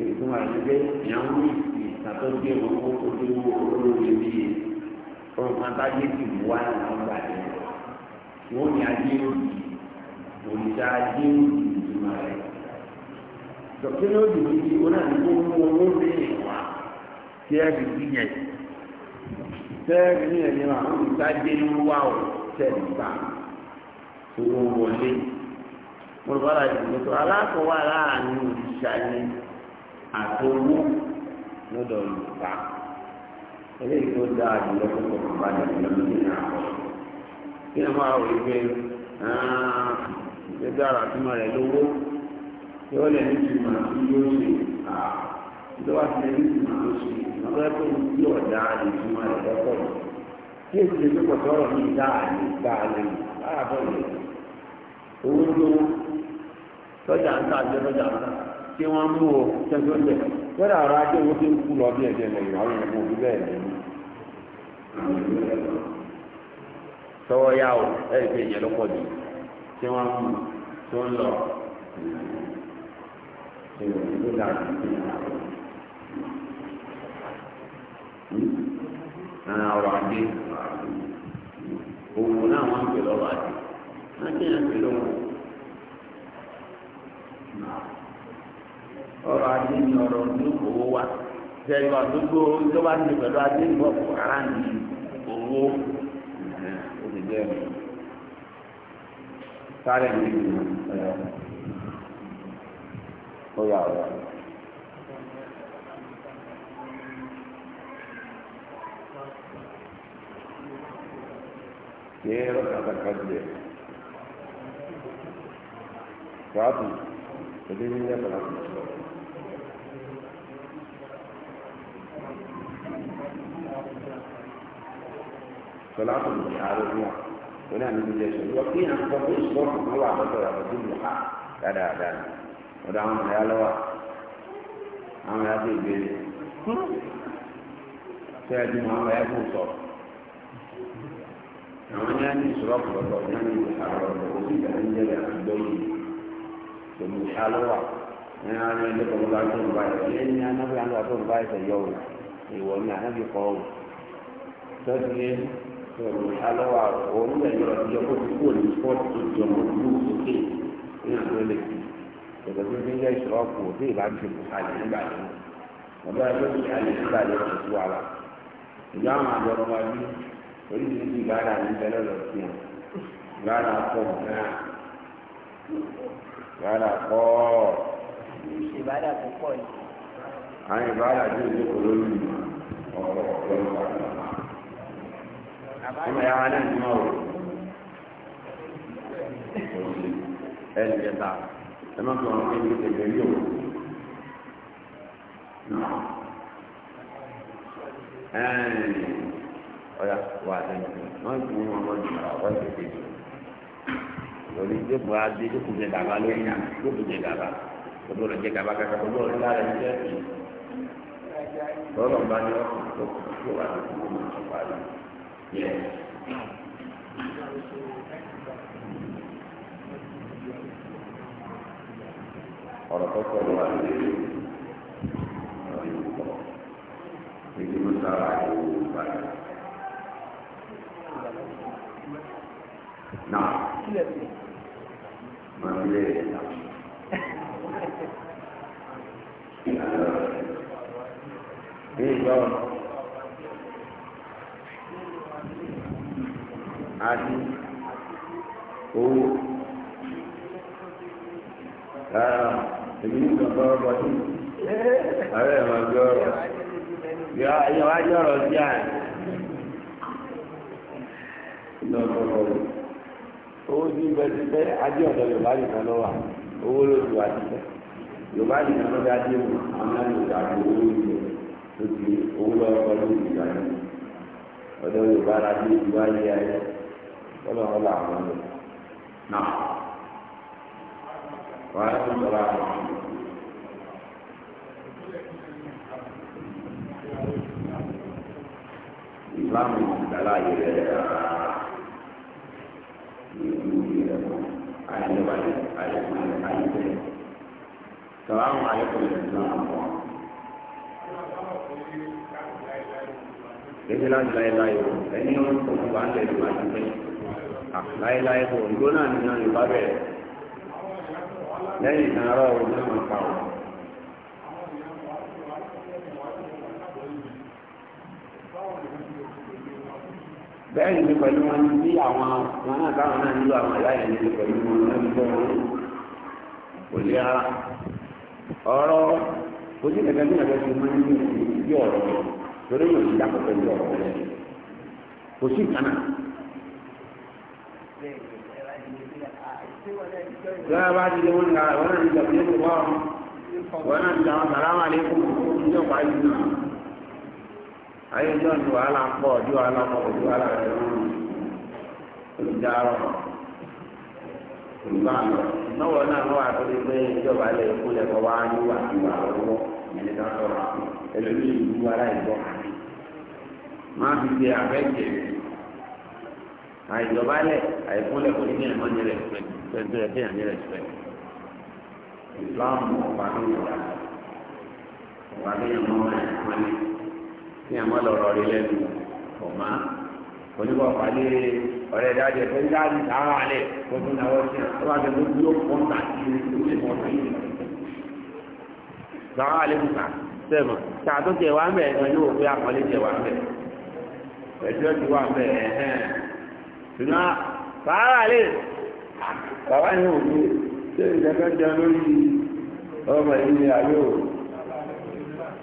èyí tó máa ń gbé ìyàwó ìsìn ìtàtọ́ bí ẹ̀wọ̀n kó tó dé owó olóore bí i ọ̀rọ̀ máa bá yé ti wá ìwọ̀n gbà dé wọ́n ní ajé òdì òrìṣà ajé òdì ìjùmọ̀ rẹ̀ dọ̀kítà òdì òdì wọn náà ní kó mú owó ní ìwà tí ẹ fi bí yẹn tẹ́ẹ̀rì ní ẹ̀yìn àwọn òrìṣà ajé ń wá ọ̀ tẹ́ẹ̀rì gbà owó wọlé mo rò bá ra ìdìbò tó alákọ̀wá láàrin òrìṣà yẹn. àtòwú lọ́dọ̀ Yorùbá eléyìí tó dáa jùlọ tó kọ̀ bá jẹ lọ́dọ̀ ní àwọn kí ni máa wò pé ṣé dára tí máa rẹ̀ lówó tí ó lè ní ìtumọ̀ yóò ṣe ní ìtumọ̀ ṣe ìmọ̀lẹ́ tó ń bí ọ̀dà ìtumọ̀ rẹ̀ kí èsì lè ní owó lówó tọ́jà ń tọ́jà ń kí wọ́n mú o tẹ́tọ́ lẹ̀ wẹ́rẹ́ owó ń kú lọ bí ẹ̀jẹ̀ àwọn òbí bẹ́ẹ̀ lẹ́yìn. tọwọ́ yá o ẹ̀rí pé ìyẹn ló pọ̀ jù kí wọ́n mú tó ń lọ. Hmm? ọ̀rọ̀ ajé òwò náà wọ́n ń pè lọ́rọ̀ ajé wọ́n ń pè lọ́rọ̀ ọ̀rọ̀ ajé ni ọ̀rọ̀ ní owó wa sẹ́yìn àdúgbò tó bá ti pẹ̀lú ajé ní ọ̀pọ̀ ara ní owó ó ti jẹ́ ẹ̀rọ sáré ní ìlú ẹ̀rọ ó yà ọ̀rọ̀. Quiero que la calle. Rápido. Estoy viviendo con la فالعصر مش عارضنا ونعمل جسد وقتين نفضل إصلاح الله هو عبادة يعبدون لحق لا لا لا وده عم يا لوا عمل يا في البيت سيدي ما عم يا في الصلاة عمل يا في إصلاح وضع يعني بالحرارة وزيد عندنا الدولي ثم حالوا يعني عندكم الله عز وجل أنا النبي عنده عز وجل يوم يقول النبي قوم تسلم alọ́wọ́ òun náà yọrọ ti yọ kó ti kúrò ní spọ́ọ̀tì tó ti ọmọ ìlú òkè ní ìlú ìgbà tó ti ń yẹ ìṣòro ọkọ̀ ìbájú àlè nígbà yẹn ọ̀dọ́ ẹgbẹ́ ti àlè nígbà yẹn tó àwọn àjọ ọmọ oríṣiríṣi ní bẹ́lẹ̀ ọmọ ya wa náà ní mọ́ o ẹni kẹta ẹ má fi wọn pé ní kẹgbẹ yìí o ọ̀yà wà lẹ́yìn wọ́n ti wọ́n mọ́ ní ọ̀rọ̀ wọ́n ti tẹ̀lé lórí dẹ́kun adé dẹ́kun jẹ gàba lórí Yes. ọ̀rọ̀ tó kọ̀ ló wà lórí ọ̀rọ̀ yìí pọ̀ níbi ló sára ìwò ìbàdàn. náà máa ń lé ẹ̀dá. bí ìgbà wọn. àti owó rárá èmi ní kan bọ́ ọgbọ́n tí ọ̀rẹ́ ẹ̀ máa gbé ọ̀rọ̀ yọ wá jẹ́ ọ̀rọ̀ sí àná lọ́wọ́lọ́wọ́ owó tí bẹ ti fẹ́ ajé Yorùbá nìkan owó ló ti wà Yorùbá nìkan ló àwọn àlùkò kọ́lọ̀ wọn là wọn lò náà wọ́n á tún sọ̀rọ̀ àwọn ọmọ ìsìláàmù ìdàlá yìí rẹ̀ ìlú rẹ̀ ayélujára ayélujára ayélujára sọ̀rọ̀ àwọn ayélujára ìsìláàmù wọn. Ebi láti láyé láyé o, ẹni yóò tó fún wa ń lè lò láti lẹ́yìn láéláé kò ìgbó náà ní náà ìbá bẹ̀rẹ̀ lẹ́yìn ìdánrọ̀ òun náà máa pa òun. bẹ́ẹ̀ ni pẹ̀lú wọn ní bí àwọn wọn náà táwọn náà nílò àwọn ìyá yẹn ní pẹ̀lú wọn náà ní wọn kò lè ara ọ̀rọ̀ ojú kẹ̀kẹ́ ní ẹ̀kẹ́ ti máa ní ìdí ọ̀rọ̀ torí yóò ti dákọ̀ pẹ̀lú ọ̀rọ̀ rẹ̀ kò sí ìkànnà bá ti lé wọn lára náà ń jọ nínú wọ́n wọn náà ń jọ àwọn sàlámà lẹ́kùn ní ọ̀pá yìí náà ayé jọ ní wàhálà ń pọ̀ ojú wàhálà pọ̀ ojú wàhálà rẹ̀ lọ́rùn olùdárọ̀ olùbá lọ náwó náà lọ́wọ́ àtúndì pé ìjọba ilẹ̀ èkó lẹ́kọ̀ọ́ wá ní wà ní wà lọ́wọ́ ẹni náà lọ́wọ́ ẹlòmíì ìlú aláìgbọ́ máa fi ṣe àfẹ́ àìjọbalẹ̀ àìkúnlẹ̀ kò ní ní ẹ̀mọ́ ní respect pẹ̀lú ẹ̀fẹ́ yàn ní respect Islam ọ̀pá ní ìwà ọ̀pá ní ẹ̀mọ́ ẹ̀mọ́lé ní ẹ̀mọ́ lọ́rọ̀ rí lẹ́nu ọ̀má onígbà ọ̀pá ní ọ̀rẹ́ dájẹ́ pé dájú sáárà lẹ̀ tó tún náwó sí ẹ̀ tó bá ti mú yóò pọ́n tà sí ilé ìwọ̀n tó yìí sáárà lè mú ta sẹ́mọ̀ sàtúntẹ̀ wà mẹ́ẹ̀ẹ́ yóò pé àkọlé tẹ̀ wà mẹ́ẹ̀ẹ́ ẹ̀jọ́ ti wà mẹ́ẹ̀ẹ́ ṣùgbọ́n fàárà lè bàbá ní òní ṣé ìjọba jẹ lórí ọmọ ìlú ayé o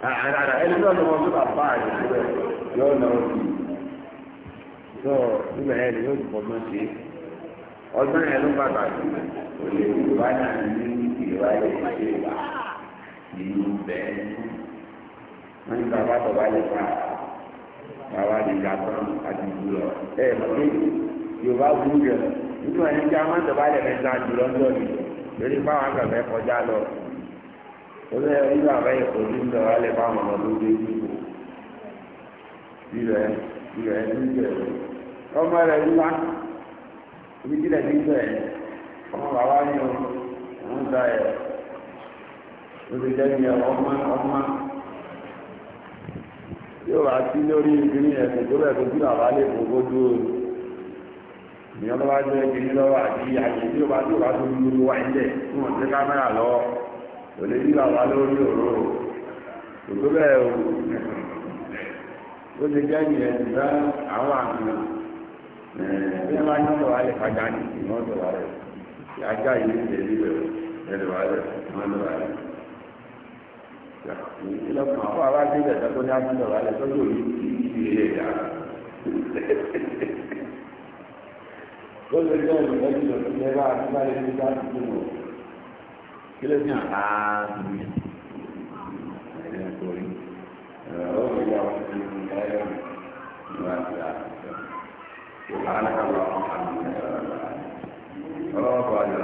àràrà ẹni náà lọ́wọ́ tó elu àyè yóò lọ sí tó nígbà yẹn ni yóò dùbọ̀ mọ́ sí ọdún yẹn ló bàbá sí òye ìwà náà ní ìwà yẹn wà nínú bẹ́ẹ̀ wọ́n ní bàbá tó bá yẹ fà bàbá tán ẹ̀ yorùbá burú jẹ nínú ẹni tí a máa ń dọ̀bá lẹ̀ fẹ́ san jù lọ́jọ́ ni lórí fáwọn akẹ́fẹ́ kọjá lọ olóyè nígbà bẹ́ẹ̀ kò ní dọ̀bá lẹ̀ fáwọn ọmọ tó dé ìlú ìlú ẹ ìlú ẹ ní ìlú ẹ ọmọ rẹ wíwá ibi tí lẹ ti ń bẹ̀ ọmọ bàbá ni o ń da ẹ lórí jẹ́ni ẹ ọmọ ọmọ yóò wá sí lórí ìgbìmọ̀ ẹ̀sìn tó bẹ̀ tó bí bàbá lè fò kó dúró ìyọ́n lọ́wọ́ ajọ́ ẹgbẹ́ ní lọ́wọ́ àti àyè tí ó bá tó bá tó ń lu wá ilẹ̀ tí wọ́n ti kámẹ́rà lọ kò lè rí bàbá lórí òró kò tó bẹ́ẹ̀ o ó lè jẹ́ ìyẹn ìgbà àwọn àmì bí wọ́n bá ní ọ̀dọ̀ wa lè fàjà ní ìmọ̀ ọ̀dọ̀ wa kí ajá yìí lè rí rẹ̀ ẹ̀rọ wa ìmọ̀ ọ̀dọ̀ wa ìlọ́kùn àwọn aráàlú ìgbà tó ní ó lè jẹ́ ìrẹsì lọ́sí ẹ̀rọ àti láyé tó bá ti tó wọ̀ kí ló ní àárín ẹ̀rọ ìkórè ẹ̀rọ ìyá ọ̀sẹ̀ ẹ̀rọ ìwà àti àti ọ̀sẹ̀. سبحانك اللهم وبحمدك أشهد أن لا إله إلا أنت